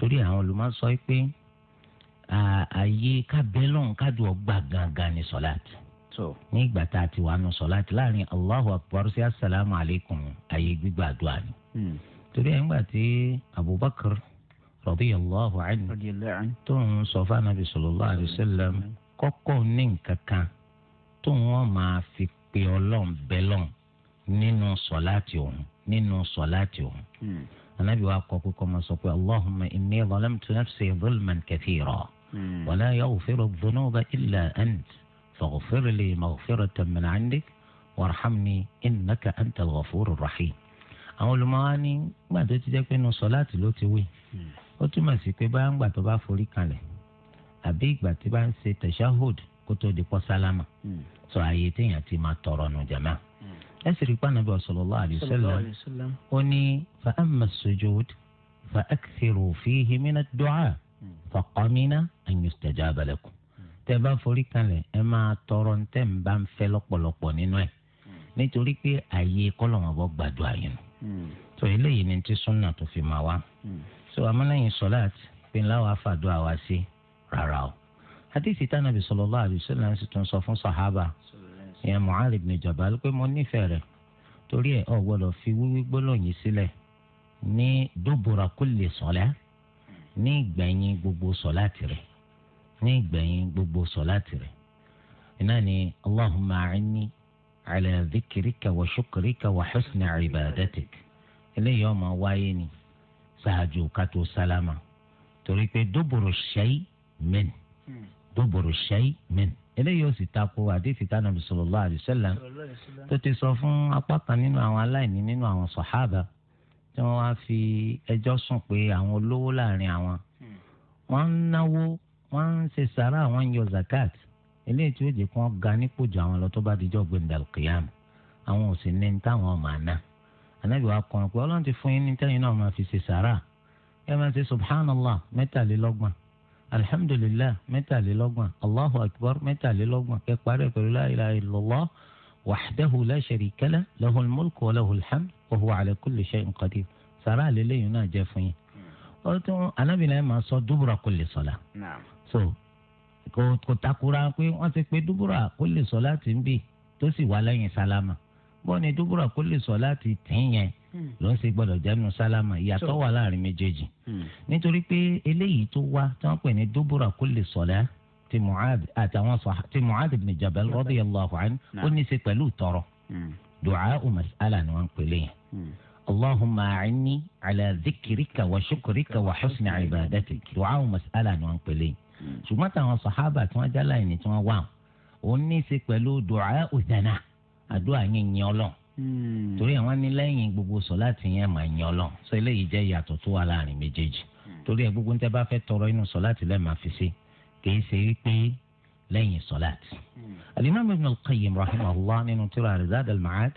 torí àwọn olùmọ̀ sọ pé ààyè kábẹ́lọ́n kádùn ọgbà gangan ní sọ́láàtì ní ìgbà tá a ti wà nù sọ́láàtì láàrin allahu akbar sí asalaamu alaykum ààyè gbígbà àdúrà ni. Hmm. torí ẹ̀ ń gbà tí abubakar radiyallahu anhu tó ń sọ fún anabi sallallahu alayhi wa sallam kọ́kọ́ ní nǹkan kan tó wọ́n máa fi pe ọlọ́run bẹ́lọ́n nínú sọ́láàtì òun nínú sọ́láàtì òun. Hmm anabi wa kọ kókó اللهم إني ظلمت نفسي ظلما كثيرا ولا يغفر الذنوب إلا أنت dhunuba لي مغفرة من عندك وارحمني إنك أنت الغفور الرحيم. antal ghafurur rahim. àwọn olùmọ̀wá ní gbà tó ti jẹ́ pé nu sọ́láàtì ló ti wí hmm. ó túmọ̀ sí pé báyà ń gbà tó bá forí kalẹ̀ àbí ìgbà tí bá ń ṣe tashahhud kó tó di pọ́ sálámà hmm. sọ àyè téèyàn ti máa tọrọ nù jàmáà ẹ sì rí pàànàbí sallallahu alayhi wasallam ó ní fa amma sujud fa akthiru fihi mina du'a fa qamina an yustajaba lakum tẹ́ bá forí kalẹ̀ ẹ máa tọrọ ntẹ́ ń bá ń fẹ́ lọ́pọ̀lọpọ̀ nínú ẹ̀ nítorí pé ààyè kọ́lọ́wọ́n bọ́ gbàdúrà yẹn nù tó eléyìí ni ti súnà tó fi máa wá so amúnáyìn sọláàt pé láwọn afàdúrà wá sí rárá o àdìsí tánàbì sallallahu alaihi ń ìyẹn Mu'adh ibn Jabal pé mo nífẹ̀ẹ́ rẹ̀ torí ẹ̀ ọ̀ gbọ́dọ̀ fi wíwí gbólóyìn sílẹ̀ ní dubura kulli salat ní ìgbẹ̀yìn gbogbo sọ̀láàtì rẹ̀ ní ìgbẹ̀yìn gbogbo sọ̀láàtì rẹ̀ iná ni allahumma a'inni ala dhikrika wa shukrika wa husni ibadatik eléyìí ọmọ wáyé ni ṣáájú kátó sálámà torí pé duburu shay min hmm duburu shay min eléyìí ó sì tako àdéhìí tá nàbì sallallahu alaihi wasallam tó ti sọ fún apá kan nínú àwọn aláìní nínú àwọn sàhábà tí wọ́n wá fi ẹjọ́ sùn pé àwọn olówó láàrin àwọn wọ́n ń náwó wọ́n ń ṣe sàrà àwọn ń yọ zakat eléyìí tí ó jẹ́ kí wọ́n ga nípò jù àwọn lọ tó bá dijọ́ gbẹ̀ndàlùkìyàmù àwọn ò sì ní ní táwọn ọmọ àná ànábì wa kọ́ pé ọlọ́run ti fún yín ní tẹ́yìn náà máa fi ṣe sàrà ẹ máa ṣe subhanallah mẹ́tàlélọ́gbọ̀n alihamudulilayi mẹ́tàlélọ́gbọ̀n allahu akbar mẹ́tàlélọ́gbọ̀n kẹ́ parẹ́ pẹ̀lú la ilaha illallah wahdahu la sharika lah lahul mulku wa lahul hamd wa huwa ala kulli shay'in qadir sàrà àlélẹ́yìn náà jẹ́ fún yín. ó tún anábìnrin máa sọ dubura kulli salah. so kò takura pé wọ́n ti pé dubura kulli salah ti ń bì tó sì wà lẹ́yìn sálámà bọ́ọ̀ ni dubura kulli salah ti tì yẹn ló ń ṣe gbọ́dọ̀ jánu sálámà ìyàtọ̀ wà láàrin méjèèjì hmm. nítorí pé eléyìí tó wá tí wọ́n pè ní dubura kulli salat ti mu'ad àtàwọn sọ ti mu'ad ibn jabal radiyallahu anhu ó ní í pẹ̀lú tọrọ hmm. du'a mas'ala ni wọ́n ń pèlè اللهم أعني على ذكرك وشكرك وحسن عبادتك دعاء مسألة نوان قلي شو متى صحابة ما جلا يعني تما واو وني سي دعاء ثناء الدعاء yín yín Hmm. torí àwọn ní lẹ́yìn gbogbo sọ̀láàtì yẹn máa yan lọ sọ eléyìí jẹ́ ìyàtọ̀ tó wà láàrin méjèèjì hmm. torí ẹ gbogbo níta bá fẹ́ tọrọ inú sọ̀láàtì lẹ́ẹ̀ máa fi ṣe kìí ṣe wípé lẹ́yìn sọ̀láàtì. Hmm. alimami ibn al-qayyim rahimahullah nínú tírà rizad al-ma'ad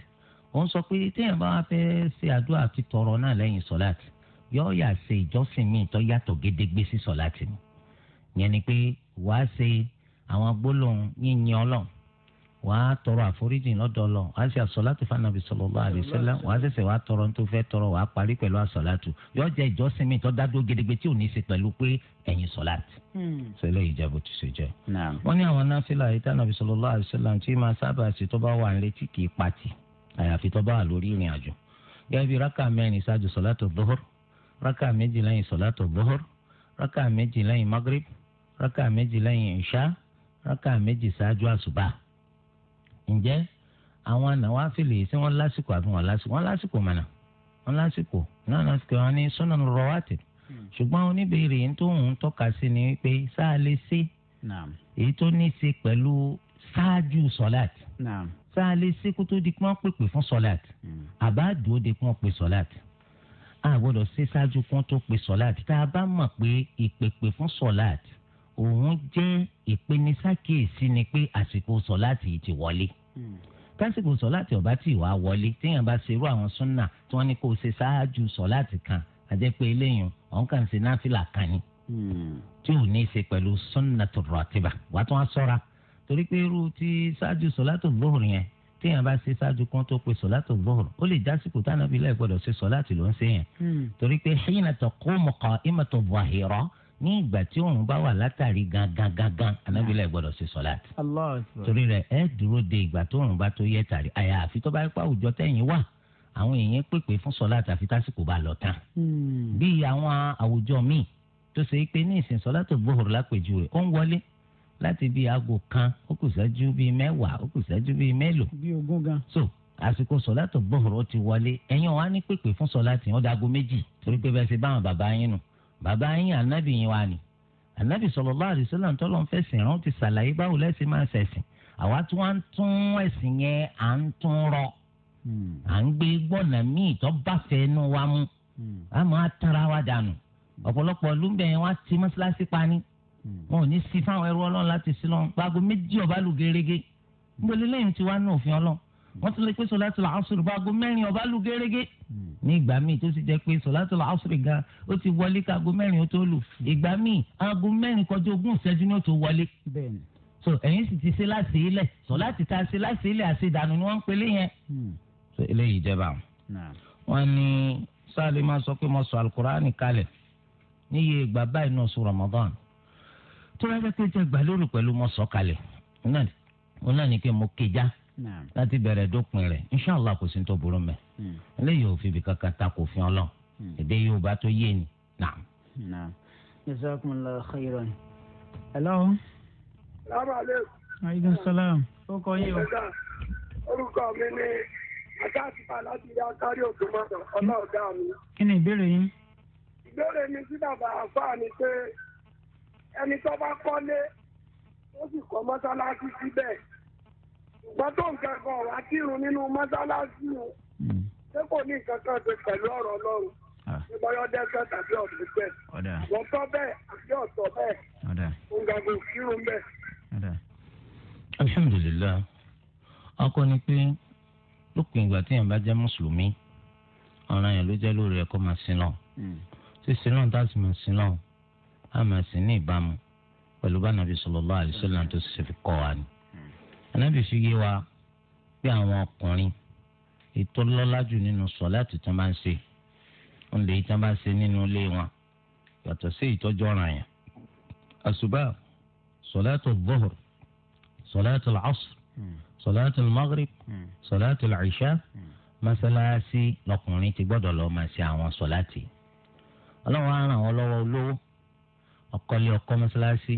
ó ń sọ pé téèyàn bá wá fẹ́ ṣe àdúrà àti tọrọ náà lẹ́yìn sọ̀láàtì yóò yà ṣe ìjọsìn míì tó yàtọ̀ gédégbé sí sọ̀láàtì ni ìyẹn ni pé wàá ṣe àwọn gbólóhùn yíyan ọlọ́run wàá tọrọ àforíjì lọ́dọ̀ Ọlọ́run wàá ṣe àsọlátù fanabi sallallahu alaihi tọrọ ní tọrọ wàá parí pẹ̀lú àsọlátù yóò jẹ́ ìjọsìn tó dádó tí ò ní í ṣe pẹ̀lú pé ẹ̀yìn sọlátù. Hmm. sọlá yìí jábọ̀ tó ní àwọn pati àyàfi tó bá wà lórí ìrìn àjò gẹ́gẹ́ bí rákà ǹjẹ́ àwọn nàwáfìlì tí wọ́n lásìkò àbí wọ́n lásìkò wọ́n lásìkò mọ̀nà wọ́n lásìkò náà lásìkò wọn ní sunan rawatib hmm. ṣùgbọ́n oníbèrè yìí tó ń tọ́ka sí ni pé sáà lè ṣe èyí tó ní í ṣe pẹ̀lú ṣáájú sọ́láàt sáà lè ṣe kó tó di pé wọ́n pèpè fún sọ́láàt hmm. àbá dúró di pé pè sọ́láàt a ṣe ṣáájú kó tó pè sọ́láàt tá a bá mọ̀ pé ìpèpè fún sọ́láàt òun jẹ́ ìpenisákèésí ni pé àsìkò sọ̀láàtì yìí ti wọlé kásìkò hmm. sọ̀láàtì ọ̀bá tí ìwà wọlé téèyàn bá ṣerú àwọn súnà tí wọ́n ní kó ṣe ṣáájú sọ̀láàtì kan àjẹpẹ́ eléyìí ọ̀hún kàn ṣe náfìlà kan ni hmm. tí ò ní í ṣe pẹ̀lú súnà tó rọ̀tìbà wà tó wá sọ́ra torí pé irú ti ṣáájú sọ̀láàtì lóhùn yẹn téèyàn bá ṣe ṣáájú kan tó pe sọ̀láàtì lóhùn ó lè dásìkò tánàbí lẹ́ẹ̀ gbọ́dọ̀ ṣe sọ̀láàtì ló ń ṣe yẹn hmm. torí pé hínà ní ìgbà tí òun bá wà látàrí gangan gangan anábì lẹ gbọ́dọ̀ ṣe sọláàtì. torí rẹ ẹ dúró de ìgbà tó òun bá tó yẹ tàrí àyàfi tó bá yẹ pé àwùjọ tẹ̀yìn wà àwọn èèyàn pèpè fún sọláàtì àfi tásìkò bá lọ tán. Hmm. bí àwọn àwùjọ míì tó ṣe pé ní ìsìn sọláàtì gbòòrò lápèjúwe ó ń wọlé láti bíi aago kan ó kù ṣẹ́jú bíi mẹ́wàá ó kù ṣẹ́jú bíi mélòó. bí ogún gan. so àsìkò sọláàtì gbòòrò ti wọlé ẹ̀yin wa ní pèpè fún sọláàtì ó dago méjì torí pé bẹ́ẹ̀ ṣe báwọn bàbá yín nù bàbá yín ànábì yín wa ni ànábì sallallahu alaihi wasallam tọ́lọ́ ń fẹ̀sìn rán ti ṣàlàyé báwo lẹ́sìn máa ṣẹ̀sìn àwa tí wọ́n ń tún ẹ̀sìn yẹn à ń tún rọ hmm. à ń gbé gbọ́nà míì tó bá fẹ́ nú wa mú hmm. a máa tara wa dànù ọ̀pọ̀lọpọ̀ lúmbẹ̀ yẹn wá ti mọ́ṣáláṣí pani hmm. wọn ò ní sí fáwọn ẹrú ọlọ́run láti sí lọ́run gbàgbọ́ méjì ọba lù gẹ́rẹ́gẹ́ gbọ́dọ̀ lẹ́yìn tí wàá nù òfin ọlọ́run wọ́n ti lè pèsè láti làásùrù gbàgbọ́ mẹ́rin ọba lù ní ìgbà míì tó sì jẹ́ pé sọ̀látọ̀lá ọ̀sùrì gan ó ti wọlé ká aago mẹ́rin ó tó lù ìgbà míì aago mẹ́rin kọjá ogún ìṣẹ́jú ni ó tó wọlé. so ẹ̀yin sì ti ṣe láti ilẹ̀ sọ̀láti ta ṣe láti ilẹ̀ àṣedànù ni wọ́n ń pelé yẹn. Hmm. eléyìí jẹba wọn ní sáàlì máa sọ pé mo sọ alukurani kalẹ̀ níye ìgbà báyìí náà sọ Ramadan tó rẹ́ pẹ́ẹ́ jẹ́ gbà lórí pẹ̀lú mo sọ kalẹ̀ náà ni pé mo kéjà láti bẹ̀rẹ̀ dópin rẹ̀ inṣàlá kò sí ní tó burú mẹ́ẹ̀. Hmm. eléyìí ò fi ibi kankan ta kò fi ọlọ hmm. èdè yorùbá tó yé ni naam. naam jazakumullahu khairan. hello. salaamaleykum. aleykum salaam. ó kọ yín o. orúkọ mi ni àtàtìpá láti yá kárí ògbómọ̀tò ọlọ́ọ̀dá mi. kí ni ìbéèrè yín. ìbéèrè mi sí bàbá àfáà ni pé ẹni tó bá kọ́lé ó sì kọ́ mọ́sálásí síbẹ̀ ṣùgbọ́n tó ń kẹ́kọ̀ọ́ wá kírun nínú mọ́sálásí o. Hmm ṣé kò ní nǹkan kan ṣe pẹ̀lú ọ̀rọ̀ ọlọ́run ah. ṣé bọ́yọ́ dẹ́sẹ̀ tàbí ọ̀sẹ̀ bẹ́ẹ̀ àwọn tó bẹ́ẹ̀ àti ọ̀sọ̀ bẹ́ẹ̀ òun gàgò kírun bẹ́ẹ̀. alhamdulilayi ọkọ ni pé lópin ìgbà tí yẹn bá jẹ́ mùsùlùmí ọ̀ràn yẹn ló jẹ́ lórí ẹ̀kọ́ máa sin náà sísin náà tá a sì máa sin náà a máa sin ní ìbámu pẹ̀lú bá nàbí sallallahu alaihi tó ṣe fi kọ́ wa ni. Hmm. ànábì fi yé wa pé àwọn ọkùnrin ètò lọ́lájú nínú sọ̀láàtì tí wọ́n bá ń ṣe ń lè tí wọ́n bá ń ṣe nínú ilé wọn yàtọ̀ sí ìtọ́jú ọ̀ràn yẹn. àṣùbà sọ̀láàtì bọ́hùr sọ̀láàtì lọ́sùr sọ̀láàtì magrib sọ̀láàtì ìṣá mọ́sálásí lọkùnrin ti gbọ́dọ̀ lọ́ọ́ máa ṣe àwọn sọ̀láàtì. ọlọ́run á ràn wọ́n lọ́wọ́ olówó ọkọlé ọkọ mọ́sálásí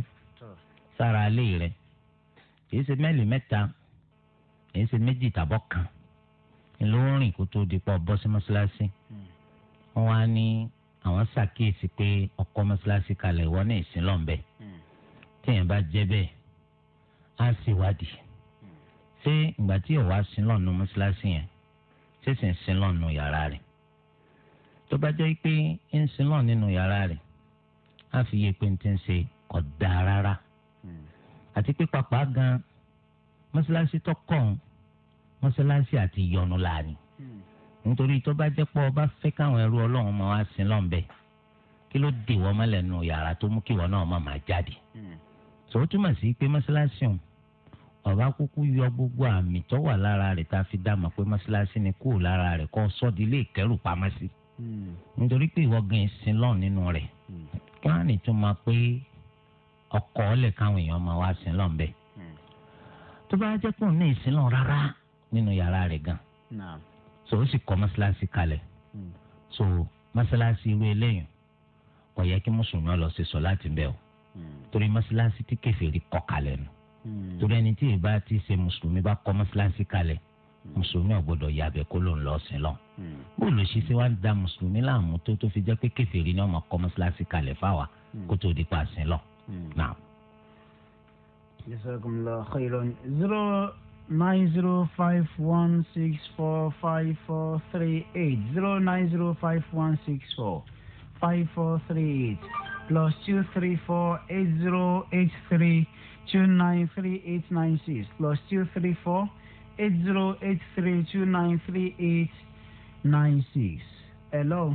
sára ló ń rìn kó tó di pa ọ̀bọ sí mọ́ṣáláṣí wọ́n wá ní àwọn ṣàkíyèsí pé ọkọ mọ́ṣáláṣí kalẹ̀ ìwọ ní ìsìn lọ́nbẹ̀ téèyàn bá jẹ́ bẹ́ẹ̀ á sì wádìí ṣé ìgbà tí ìwà sin lọ́nu mọ́ṣáláṣí yẹn ṣé sì ń sin yàrá rẹ̀ tó bá jẹ́ pé ń sin nínú yàrá rẹ̀ á fi yé pé ń ti ń ṣe kódà rárá àti pé pàpà gan mọ́ṣáláṣí tó kọ̀ ọ́n mọ́sálásí àti yọnu láàrin hmm. nítorí tó bá jẹ́ pé ọba fẹ́ káwọn ẹrú ọlọ́run máa wá sí lọ́nbẹ̀ kí ló dè wọ́n mọ́lẹ̀ nù yàrá tó mú kí wọ́n náà máa máa jáde hmm. sọ túmọ̀ sí pé mọ́sálásí ọ̀hún ọba kúkú yọ gbogbo àmì tó wà lára rẹ̀ tá a fi dá mọ̀ pé mọ́sálásí ni kúrò lára rẹ̀ kọ́ sọ́ọ́dí ilé ìkẹ́rù pamọ́ sí hmm. nítorí pé ìwọ gan sin lọ́ọ̀ nínú rẹ̀ kí wọ́n á pé ọkọ̀ ọ̀lẹ̀ káwọn èèyàn máa wá sin lọ́nbẹ̀ tó bá jẹ́ pọ̀ ní ìsinlọ́ rárá nínú yàrá rẹ̀ gan so ó sì kọ́ mọ́ṣáláṣí kalẹ̀ hmm. so mọ́ṣáláṣí irú eléyìí kò yẹ kí mùsùlùmí lọ sí sọ̀láàtì ń bẹ̀ o hmm. torí mọ́ṣáláṣí tí kèfèrí kọ́ kalẹ̀ nù hmm. torí ẹni tí ìbá ti ṣe mùsùlùmí bá kọ́ mọ́ṣáláṣí kalẹ̀ mùsùlùmí ò gbọ́dọ̀ yàbẹ̀ kó ló ń lọ sí lọ. bóòlù ṣí sí wa ń da mùsùlùmí láàmú tó tó fi jẹ́ pé kèfèrí ni wọ́n máa kọ́ mọ́ṣáláṣí kalẹ̀ fáwa kó tó di pa sí lọ. naam. jazakumullahu nine zero five one six four five four three eight zero nine zero five one six four five four three eight plus two three four eight zero eight three two nine three eight nine six plus two three four eight zero eight three two nine three eight nine six. Hello.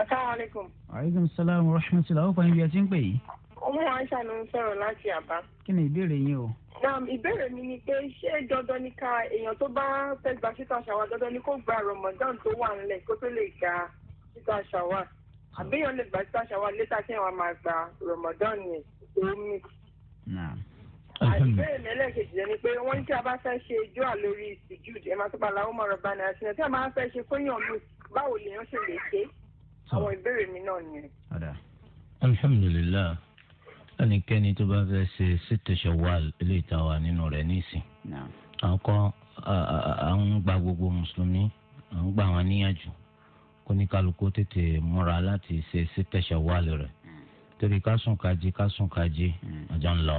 Assalamualaikum. Waalaikumsalam. Warahmatullahi Wabarakatuh. ọmọ aisha ló ń láti àbá. kí ni ìbéèrè yín o. ìbéèrè mi ni pé ṣé dandan ni ká èèyàn tó bá fẹ́ gba ṣíta ṣàwà dandan ni kó gba ramadan tó wà ńlẹ̀ kó tó lè gba ṣíta ṣàwà àbíyàn lè gba ṣíta ṣàwà létà kí wọn máa gba ramadan yẹn tó mí. ìbéèrè mi ẹlẹ́ẹ̀kejì yẹn ni pé wọ́n ní tí a bá fẹ́ ṣe jọ́à lórí sujud ẹ̀ máa tó bá làwọn ọmọ rẹ̀ bá ní àti tí a máa fẹ́ ṣe fóyàn mi báwo ẹnikẹ́ni tó bá fẹ́ ṣe sètò ṣọwọ́l ilé ìtawà nínú rẹ̀ nísìn. àkọ́ à ń gba gbogbo mùsùlùmí à ń gba àwọn níyànjú kó ní kálukú tètè múra láti ṣe sètò ṣọwọ́l rẹ̀ torí kásùn kájí kásùn kájí hmm. ọjọ́ ń lọ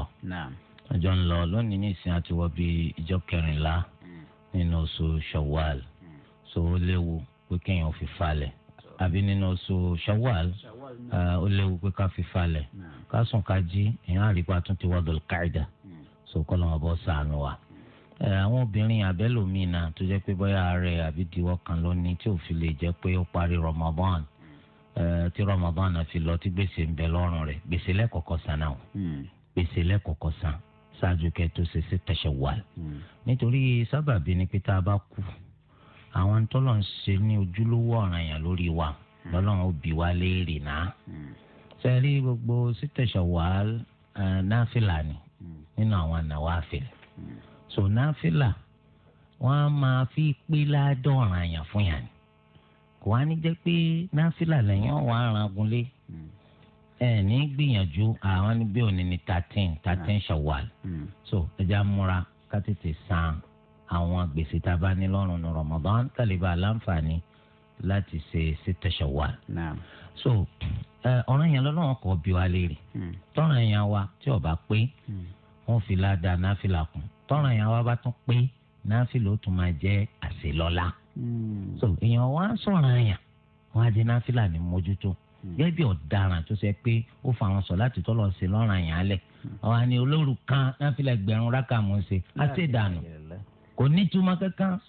ọjọ́ ń lọ lónìí nísìn àti wọ́n bí ìjọ kẹrìnlá hmm. nínú oṣù ṣọwọ́l hmm. so ó léwu pé kéèyàn fi falẹ̀ àbí nínú oṣù shawwal eh, ó léwu pé ká fi falẹ̀ ká sùn ká jí èèyàn àríwá tún ti wá dọ̀lù káìdà hmm. so kọ́ lọ́wọ́ bọ́ sànù wa. Hmm. Eh, àwọn obìnrin àbẹ́lòmínà tó jẹ́ pé bóyá ààrẹ àbí diwọ́ kan lónìí tí ò fi lè jẹ́ pé ó parí Ramadan hmm. eh, tí Ramadan fi lọ tí gbèsè ń bẹ lọ́rùn rẹ̀ gbèsè lẹ́kọ̀ọ́kọ́ san náà gbèsè lẹ́kọ̀ọ́kọ́ san ṣáájú kẹ́ẹ́ tó ṣe sí tẹ̀sẹ̀ wà. nítorí sábàbí ni pé a bá kú àwọn tọ́lọ̀ ń ṣe ní ojúlówó ọ̀ràn yẹn lórí wa hmm. lọ́lọ́run ó bi wá léèrè náà. sẹ́rí hmm. gbogbo sítẹ̀sọ̀ wàhálà náfìlà ni hmm. nínú àwọn nàwáfìlà. so náfìlà wọ́n á máa fi pé ládọ́ọ̀ràn yẹn fún yàn ni. kò wá ní jẹ́ pé náfìlà lẹ́yìn ọ̀wọ́ arangun lé ẹ ní gbìyànjú àwọn níbí òní ní thirteen thirteen shawal so ẹja múra ká tètè san àwọn gbèsè tá a bá ní lọ́rùn ní Ramadan tàlíbà láǹfààní láti ṣe sítà Shawwal. so ọ̀ràn yẹn lọ́nà ọkọ̀ bí wa léèrè hmm. tọ́ràn yẹn wa tí ó bá pé hmm. wọ́n fi ládàá náfìlà kún tọ́ràn yẹn wa bá tún pé náfìlà ó tún máa jẹ́ àṣelọ́lá. Hmm. so èèyàn wa sọ̀ràn yẹn wọ́n á di náfìlà ní mójútó gẹ́gẹ́ bí ọ̀daràn tó ṣe pé ó fa àwọn sọ̀lá àti tọ́lọ̀ ṣe lọ́ràn yẹn alẹ̀ ọ̀hán ni náfìlà ẹgbẹ̀rún rákà ṣe á ṣèdànù kò ní túmọ̀ kankan.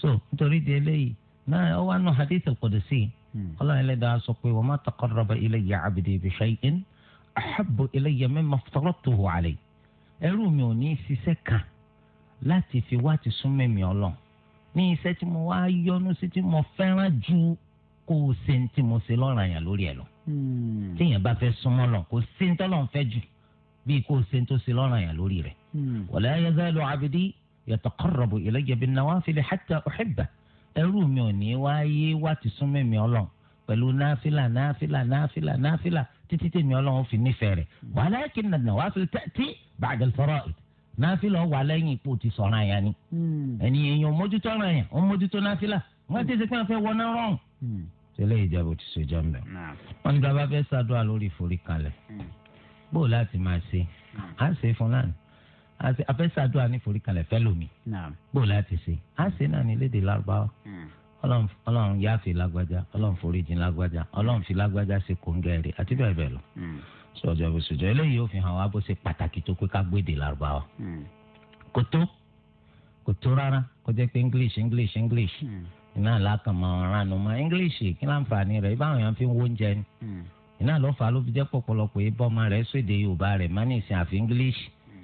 so nítorí di eléyìí náà ó wà nù hadith al-qudsi hmm. ọlọ́run ẹlẹ́dàá sọ pé wa ma taqarraba ilayya abdi bi shay'in ahabbu ilayya mimma aftaratuhu alayhi ẹrú mi ò ní ṣiṣẹ́ kan láti fi wá ti sún mẹ́mi ọlọ́run ní iṣẹ́ tí mo wá yọ́nú sí tí mo fẹ́ràn ju kó o ṣe ní tí mo ṣe lọ́ràn àyàn lórí ẹ̀ lọ. Hmm. téèyàn bá fẹ́ súnmọ́ lọ kó ṣe ń fẹ́ jù bíi kó o ṣe ń tó ṣe lọ́ràn àyàn lórí rẹ̀. Hmm. wala yazalu abdi yataqarrabu ilayya bin nawafil hatta uhibba ẹrú mi ò ní wáyé wá ti sún mẹ́mi ọlọ́run pẹ̀lú náfìlà náfìlà náfìlà náfìlà títí tèmi ọlọ́run fi nífẹ̀ẹ́ rẹ̀ walakin an-nawafil ta'ti ba'da al-fara'id náfìlà wà lẹ́yìn ipò ti sọ̀ràn àyàn ni hmm. ẹni èèyàn mójútó ọ̀ràn àyàn ó mójútó náfìlà wọ́n ti ṣe pé wọ́n náà rọrùn. tẹ́lẹ̀ hmm. ìjẹ́bù hmm afẹ́sàdúrà ní foríkalẹ̀ fẹ́lómi bó láti ṣe á ṣe náà ní léde lárúbáwá hmm. ọlọ́run yáàfin lágbájá ọlọ́run foríjìn lágbájá ọlọ́run fi lágbájá ṣe kóńgẹ́rì àti bẹ́ẹ̀ bẹ́ẹ̀ lọ hmm. sọjọ bùsùjọ eléyìí ó fi hàn wá bó ṣe pàtàkì tó pé ká gbéde lárúbáwá hmm. kò tó rárá kó pé english english english iná làákàn máa ránnu mọ́ english kí láǹfààní rẹ̀ ibáwọn yẹn fi ń wóúnjẹ ni iná ló fà á ló fi jẹ́ pọ̀pọ̀lọpọ̀ ibọ́ ọmọ rẹ̀ sóde yorùbá rẹ̀ má ní ìsìn àfi english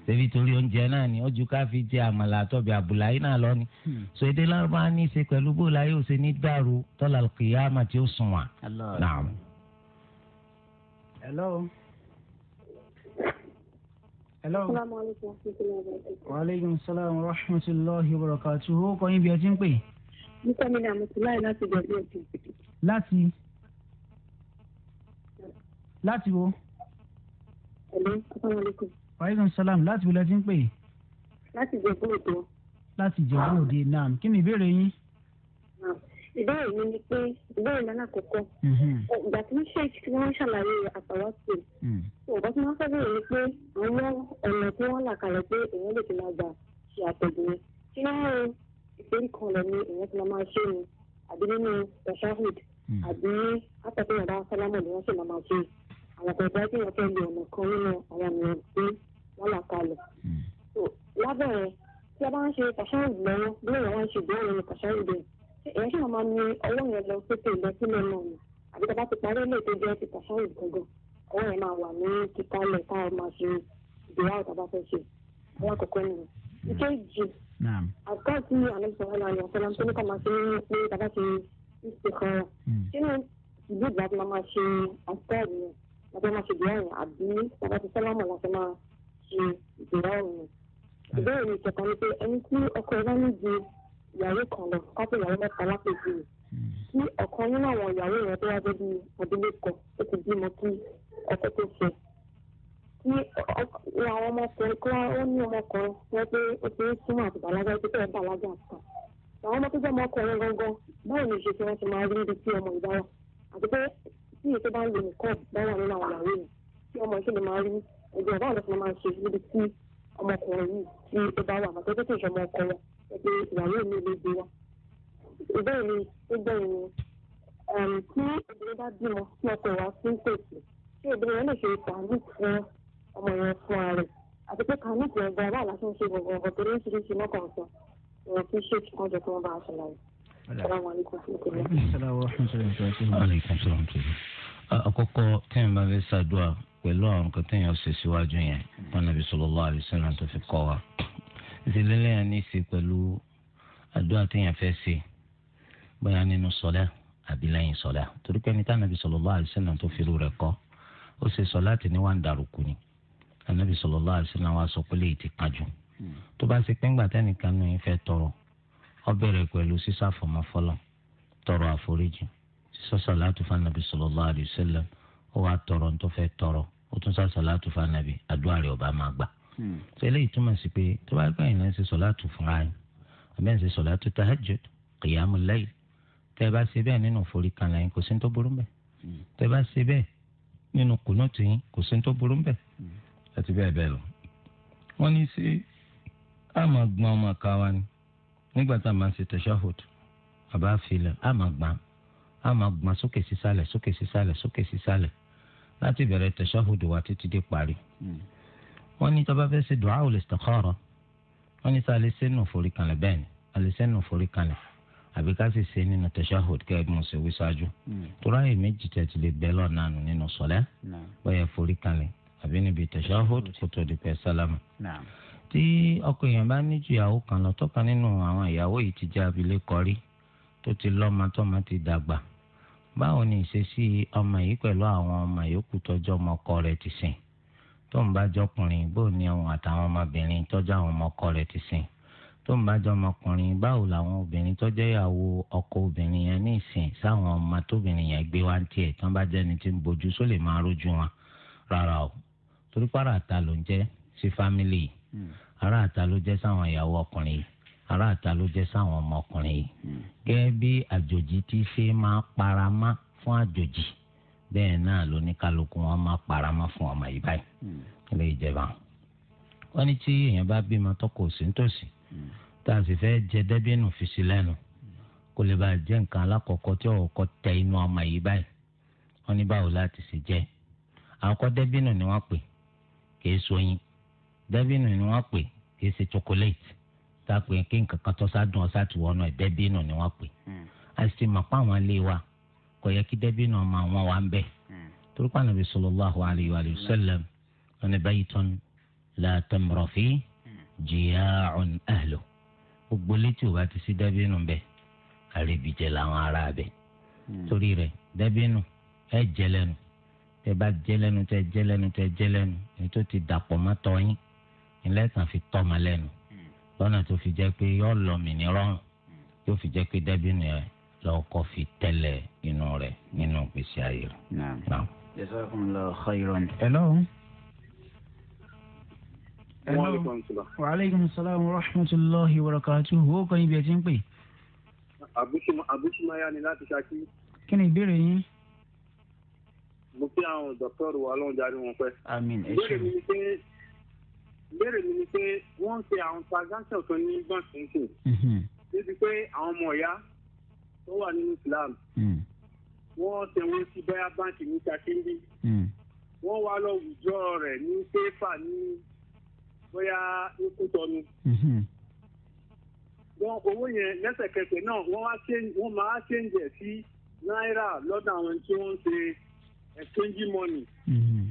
ṣebí torí oúnjẹ náà ni ojú ká fi jẹ àmàlà àtọbẹ àbùláyé náà lọ ni hmm. so èdè lárúbá ní í ṣe pẹ̀lú bóòlá yóò ṣe ní dàrú tọ́lá kìyàmà tí ó sùn wà. naam. hello. hello. wa aleykum salaam wa rahmatulahi wa barakatuhu kọ́ yín bí ẹ ti ń pè. nípa mi ni àmọ̀túláì láti bẹ̀rẹ̀ ẹ̀jẹ̀. láti. láti wo. hello asalaamualeykum waaleykum salaam láti wílẹ̀ tí ń pè. láti jẹ kúrò tó. láti jẹ kúrò dé naam kí ni ìbéèrè yín. ìbéèrè mi ni pé ìbéèrè mi alákọ̀ọ́kọ́ mhm. ìgbà tí wọ́n ṣe tí wọ́n ṣàlàyé àtàwọn pè ọ̀gá mm. tí wọ́n fẹ́ bẹ̀rẹ̀ ni pé àwọn ọ̀nà tí wọ́n là kalẹ̀ pé èèyàn lè fi máa gbà ṣe àtẹ̀gùn kí wọ́n ìgbèríko ọ̀rọ̀ ni èèyàn ti máa ṣe ni àbí nínú tashahud mm. àbí àwọn bàbá tí wọ́n fẹ́ lè ọ̀nà kan nínú àwọn mìíràn tí wọ́n là kalẹ̀. Hmm. lábẹ́rẹ̀ tí a bá ń ṣe kàṣáàrù lọ́wọ́ bí èèyàn wá ń ṣe ìgbéyàwó ní kàṣáàrù bẹ́ẹ̀ èèyàn ṣáà máa ní ọwọ́ yẹn lọ sókè lọ sílẹ̀ náà ni àbí tá a bá ti parí ilé tó jẹ́ ti kàṣáàrù gangan ọwọ́ yẹn máa wà ní kíkálẹ̀ táwọn máa ṣe ìgbéyàwó tá a bá fẹ́ ṣe àwọn àkọ́kọ́ nìyẹn. ìkejì àkáàtì àlẹ́sọ̀rọ̀ àyàn fẹ́lá tó ní ká máa ṣe é pé a bá a àjọ máa ṣe ìgbéyàwó àbí bàbá ti sẹ́lámù láti máa ṣe ìgbéyàwó yẹn. ìbéèrè mi ìkẹta ni pé ẹni tí ọkọ ẹ bá ní ju ìyàwó kan lọ kápẹ́ ìyàwó mẹ́ta lápèjì rẹ̀ tí ọ̀kan nínú àwọn ìyàwó yẹn tó wá jẹ́ bí ọdúnlé kan ó ti bímọ kí ọkọ tó fẹ́ tí àwọn ọmọkùnrin kí wọ́n ní ọmọkùnrin wọ́n pé ó ti ń súnmọ́ àti bàlágà ó ti fẹ́ bàlágà kan àwọn ọmọ tó jẹ́ ọmọkùnrin gangan báwo ni ìṣèṣe wọn ti máa rí ibi tí ọmọ ìbára àti pé bí ètò bá ń lo nìkan bá wà nínú àwọn àlàyé mi tí ọmọ ìṣẹ̀lẹ̀ máa rí ẹgbẹ́ ọba àlọ́ fún máa ṣe níbi tí ọmọkùnrin yìí tí ó bá wà àti tó ìṣọmọ ọkọ wa ẹgbẹ́ ìyàwó mi lè gbé wa. ìbéèrè mi ó gbẹ̀yìn ni tí obìnrin bá bímọ tí ọkọ wa fi ń pèsè tí obìnrin yẹn lè ṣe ìtàlù fún ọmọ yẹn fún ààrẹ àti pé kàánù ìgbìyànjú ọba àlọ́ fún ṣe gbọ̀ngàn ọ̀gọ̀ torí oríṣiríṣi mọ́kànlá ọ̀rọ̀ tí ṣé kí wọ́n jọ kí wọ́n bá a ṣàlàyé. السلام عليكم ورحمة الله وبركاته. وعليكم السلام ورحمة الله. àkọ́kọ́ téèyàn bá fẹ́ ṣàdúrà pẹ̀lú àwọn kan siwaju ya síwájú yẹn wọn nàbí sallallahu tó fi kọ́ wa ìṣẹ̀lẹ̀ lẹ́yìn ní í ṣe pẹ̀lú àdúrà téèyàn fẹ́ ṣe bóyá nínú sọlá àbí lẹ́yìn sọlá torí pé níta nàbí tó fi rú rẹ̀ kọ́ ó ṣe sọlá ní wà ni ànàbí wa sọ pé ti sọ́sàlátù fanabi sallallahu alayhi wa sallam ó wàá tọrọ ní tó fẹ́ tọrọ ó tún sọ́sàlátù fanabi àdúrà rẹ̀ ọba máa gbà. ṣé hmm. eléyìí túmọ̀ sí pé tó bá gbà yín náà ṣe sọ́látù fúnra yín àbẹ́ ń ṣe sọ́látù tahajjud qiyamul layl tẹ́ bá ṣe bẹ́ẹ̀ nínú forí kan lẹ́yìn kò sí ní tó burú bẹ́ẹ̀ hmm. tẹ́ bá ṣe bẹ́ẹ̀ nínú kùnúùtù yín kò sí ní tó burú bẹ́ẹ̀ hmm. àti bẹ́ẹ̀ bẹ́ẹ̀ lọ. wọ́n ní sí àmọ́ gbọ́n ọmọ ká ni nígbà tá a máa ṣe tashahhud àbá àmọ́ gbọ́n a máa gbọ́n sókè sísàlẹ̀ sókè sísàlẹ̀ sókè sísàlẹ̀ láti bẹ̀rẹ̀ tẹ̀sọ́hùdù wa títí dé parí. Hmm. wọ́n ní tọ́ba fẹ́ ṣe dùá òlè istikhara wọ́n ní sáà lè ṣe nù forí kanlẹ̀ bẹ́ẹ̀ ni a lè ṣe nù forí kanlẹ̀ àbí ká sì ṣe nínú tẹ̀sọ́hùd kẹ́ ẹ̀ bí mo ṣe wí ṣáájú. Hmm. tóra yìí méjì tẹ̀ ti lè bẹ́ lọ́nà nù nínú sọ̀lẹ́ bẹ́ẹ̀ forí kanlẹ̀ àbí níbi tẹ̀sọ́hùd kó tó di pẹ́ sálámù báwo ni ìṣesí ọmọ yìí pẹ̀lú àwọn ọmọ yòókù tọ́jú ọmọ ọkọ rẹ̀ ti sìn tó ń bá jọkùnrin bó ni àwọn àtàwọn ọmọbìnrin tọ́jú àwọn ọmọ ọkọ rẹ̀ ti sìn tó ń bá jọ ọmọkùnrin báwo làwọn obìnrin tọ́jú ìyàwó ọkọ obìnrin yẹn ní ìsìn sáwọn ọmọ tóbìnrin yẹn gbé wá ń tiẹ̀ tán bá jẹ́ni tí ń bojú só lè máa rójú wọn rárá o torí pàrọ̀ ló ń jẹ́ sí fámìlì hmm. yìí ló jẹ́ sáwọn ìyàwó ọkùnrin yìí Ara àta ló jẹ́ sáwọn ọmọkùnrin yìí hmm. gẹ́gẹ́ bí àjòjì ti ṣe máa paramá fún àjòjì bẹ́ẹ̀ náà ló ní kálukú wọn máa paramá fún ọmọ yìí báyìí hmm. ilé ìjẹba wọn ní tí èèyàn bá bímọ tọkọ òsì nítòsí hmm. tá a sì fẹ́ jẹ dẹ́bínú fi sí lẹ́nu kó lè bá jẹ́ nǹkan alákọ̀ọ́kọ́ tí ọ̀rọ̀ kọ́ tẹ inú ọmọ yìí báyìí wọ́n ní báwo láti ṣe jẹ́ àkọ́kọ́ dẹ́bínú ni wọ́n pè kì í ṣoyin dẹ́bínú ni wọ́n pè kì í ṣe chocolate tá a pè kí nǹkan kan tó sádùn ọ sáà ti wọnú ẹ ni wọ́n pè á hmm. sì mọ pé àwọn ilé wa kò yẹ kí dẹbìnù ọmọ àwọn wa ń bẹ hmm. torípa nàbí sallallahu alayhi wa sallam ọ̀nà baytun la tamra fi jiya'un ahlu gbogbo létí ò bá ti sí dẹbìnù bẹ àrèbìjẹ làwọn ará bẹ hmm. torí rẹ̀ dẹbìnù ẹ jẹ lẹ́nu tẹ bá jẹ lẹ́nu tẹ jẹ lẹ́nu tẹ jẹ lẹ́nu ètò ti dàpọ̀ mọ́tọ́ yín ilé kan fi tọ́ ma lẹ́nu lọ́nà tó fi jẹ́ pé yọ lọ mí ní yóò fi jẹ́ pé dẹ́bìnú rẹ̀ lọ́kọ́ fi tẹ́lẹ̀ inú rẹ̀ nínú ìgbésí ayé rẹ̀. hello. wa aleykum salaam wa rahmatulahi wa barakatuh wo kan ibi ẹ ti ń pè. abusumaya ni láti ṣáàkì. kí ni ìbéèrè yín. mo fi àwọn dọ́kítọ́rù wa lóun jáde wọn pẹ́. àmín ẹ ṣe. ìbéèrè mi ni pé ìbéèrè mi ni pé wọ́n ń ṣe àwọn transaction kan ní gbọ̀nsẹ̀nsẹ̀ mhm. débi pé àwọn ọmọ ọ̀yá tó wà nínú Islam mm. wọ́n tẹ̀wé sí bẹ́yà báńkì ní kakindi mm. wọ́n wá lọ wùjọ́ rẹ̀ ní pépà ní bóyá ikútọ́nu mm-hmm. wọn owó yẹn lẹ́sẹ̀kẹsẹ̀ náà wọ́n máa ṣéǹjẹ̀ sí náírà lọ́dọ̀ àwọn tí wọ́n ń ṣe exchange money. Mm-hmm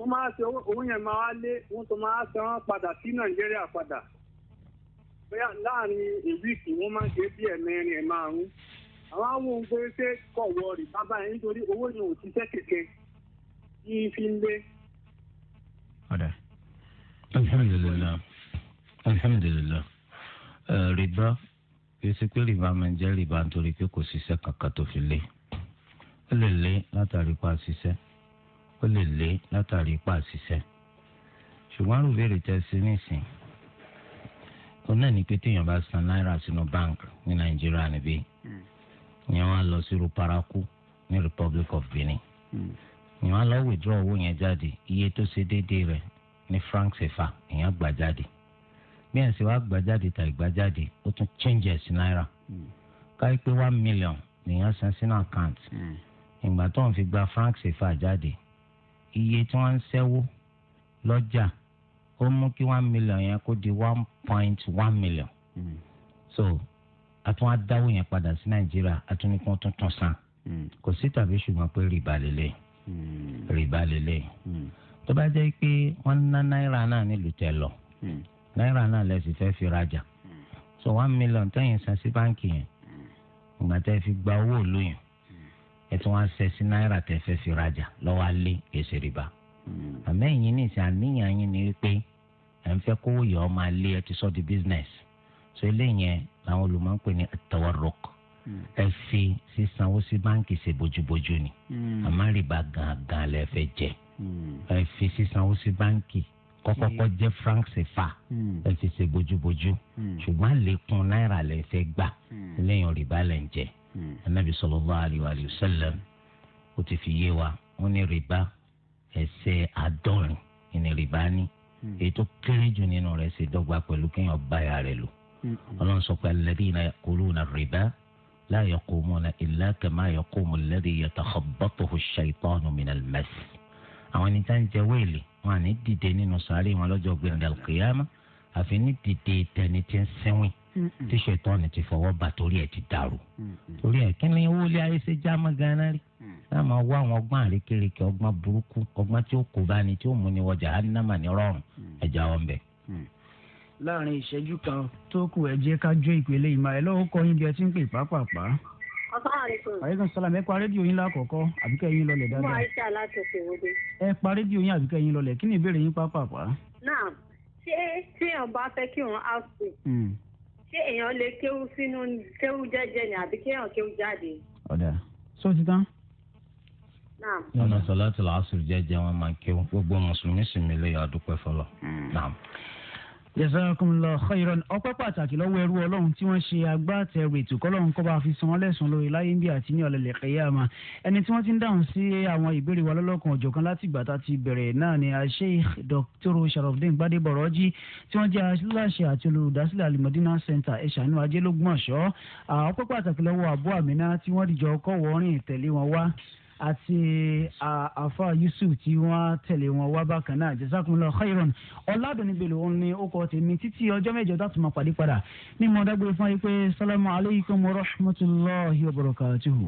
wọ́n máa ṣe owó yẹn máa lé wọ́n tó máa san padà sí nàìjíríà padà bóyá láàrin ìwíìkì wọ́n máa ṣe bí ẹ̀mẹrin ẹ̀ márùn-ún àwọn àwọn ohun pé ṣé kọ̀wọ́ rì bàbá yẹn nítorí owó yẹn ò ṣiṣẹ́ kẹ̀kẹ́ kí n fi lé. ọ̀dà alhamdulilayi alhamdulilayi rìbá kìí ṣe pé rìbá máa ń jẹ́ rìbá nítorí pé kò ṣiṣẹ́ kankan tó fi lé ó lè lé látàrí pa ṣiṣẹ́ ó lè lé látàrí ipa àṣìṣe ṣùgbọ́n àrùn béèrè tẹ́ sí nísìn ó náà ní pé téèyàn bá san náírà sínú báńkì ní nàìjíríà níbí ìyẹn wọn lọ sí ruparaku ní Republic of Benin ìyẹn wọn lọ withdraw owó yẹn jáde iye tó ṣe déédéé rẹ̀ ní franc sefa ìyẹn gbà jáde bí ẹ̀sìn wa gbà jáde tàbí gbà jáde ó tún change sí náírà káyí pé one million nìyẹn san sínú account ìgbà tó ń fi gba franc sefa jáde iye tí wọ́n ń ṣẹ́wó lọ́jà ó mú kí one million yẹn kó di one point one million. Mm. so àtún adáwó yẹn padà sí nàìjíríà àtún ní kí wọ́n tún tún san mm. kò sí tàbí ṣùgbọ́n pé rìbá lélẹ̀ mm. rìbá lélẹ̀ mm. tó bá jẹ́ pé wọ́n ná náírà náà nílùú tẹ̀ lọ náírà náà lẹ́sìn fẹ́ fi rajà so one million tẹ́yìn san sí báǹkì yẹn ìgbà tẹ́ fi gba owó òlóyìn ẹ tún wá ṣe sí náírà tẹ́ fẹ́ fi rajà lọ́wọ́ alẹ́ kèsì rìbá hmm. àmọ́ ẹ̀yin ní ìsìn àníyàn yín ni wípé ẹ̀ ń fẹ́ kówó yọ ọmọ alẹ́ ẹ ti sọ di business so eléyìí yẹn làwọn olùmọ̀ ń pè ní tawarruq hmm. ẹ fi sísanwó sí báǹkì ṣe bójúbójú ni hmm. àmọ́ rìbá gangan lẹ fẹ́ jẹ ẹ fi sísanwó sí báǹkì kọ́kọ́kọ́ jẹ́ franc sefa ẹ fi ṣe bójúbójú ṣùgbọ́n àlékún náírà lẹ fẹ́ gbà eléyìí rìbá lẹ ń jẹ anabi sallallahu alayhi wa sallam ó ti fi yé wa ó ní rìbá ẹsẹ̀ àádọ́rin ní rìbá ní hmm. èyí tó kéré jù nínú rẹ̀ ṣe dọ́gba pẹ̀lú kéèyàn báyà rẹ̀ lò hmm. ọlọ́run sọ pé alladhina ya'kuluna rìbá la yaqumuna illa kama yaqumu alladhi yatakhabbathu ash-shaytanu minal mas àwọn ẹni tá ń jẹ wéèlì wọn à ní dìde nínú sàárè wọn lọ́jọ́ gbẹ̀ndàlùkìyàmá àfi ní dìde tẹni tí ń sẹ́wìn tí ṣètọ́ni ti fọwọ́ bá torí ẹ̀ ti dàrú torí ẹ̀ kí ni owó ilé ayé ṣe já mọ́ ganan rí náà mm. máa wá àwọn ọgbọ́n àrékérekè ọgbọ́n burúkú ọgbọ́n tí ó kó bá ní tí ó mú ni wọ jahannama ní rọrùn mm. ẹja wọn bẹ. Mm. láàrin ìṣẹ́jú kan tó kù ẹ jẹ́ ká jó ìpele ìmọ̀ ẹ̀ lọ́wọ́ kọ́ yín bí ẹ ti ń pè pápápá. aleykum salaam ẹ pa rédíò yín lákọ̀ọ́kọ́ àbíkẹ́ yín lọlẹ̀ dáadáa. mo àìsà láti òkè wọlé. ẹ pa rédíò yín àbíkẹ́ yín lọlẹ̀ kí ni ìbéèrè yín pápápá. náà ṣé tí ṣé èèyàn lè kéwú sínú kéwú jẹ́jẹ́ ni àbí kéèyàn kéwú jáde. ọ̀dà sọ ti tán. ọ̀nà gbogbo mùsùlùmí sì lè jazakumullahu khairan ọpẹ́ pàtàkì lọ́wọ́ ẹrú Ọlọ́run tí wọ́n ṣe agbátẹrù ètò kọ́lọ́run kọ́ba fi san wọ́n lẹ́sùn lórí láyé ń bí àti ní ọ̀lẹ́lẹ̀ kẹyàmà ẹni tí wọ́n ti ń dáhùn sí àwọn ìbéèrè wa lọ́lọ́kan ọ̀jọ̀kan láti ìgbà tá ti bẹ̀rẹ̀ náà ni Sheikh Dr. Sharafdin Gbadebọ̀rọ̀jì tí wọ́n jẹ́ aláṣẹ àti olùdásílẹ̀ Al-Madina Center ẹ̀ṣánú ajé lógún ọ̀ṣọ́ ọpẹ́ pàtàkì lọ́wọ́ àbú àmínà tí wọ́n dìjọ kọ́wọ́ rìn tẹ̀lé wọn wá àti àfa yusuf tí wọn tẹ̀lé wọn wá bákan náà jazakumullahu khairan ọládùnní bèlò òun ni ó kọ tèmi títí ọjọ́ mẹ́jọ tó tún máa pàdé padà ní mo dágbére fún yín pé salamu alaykum wa rahmatulahi wa barakatuhu.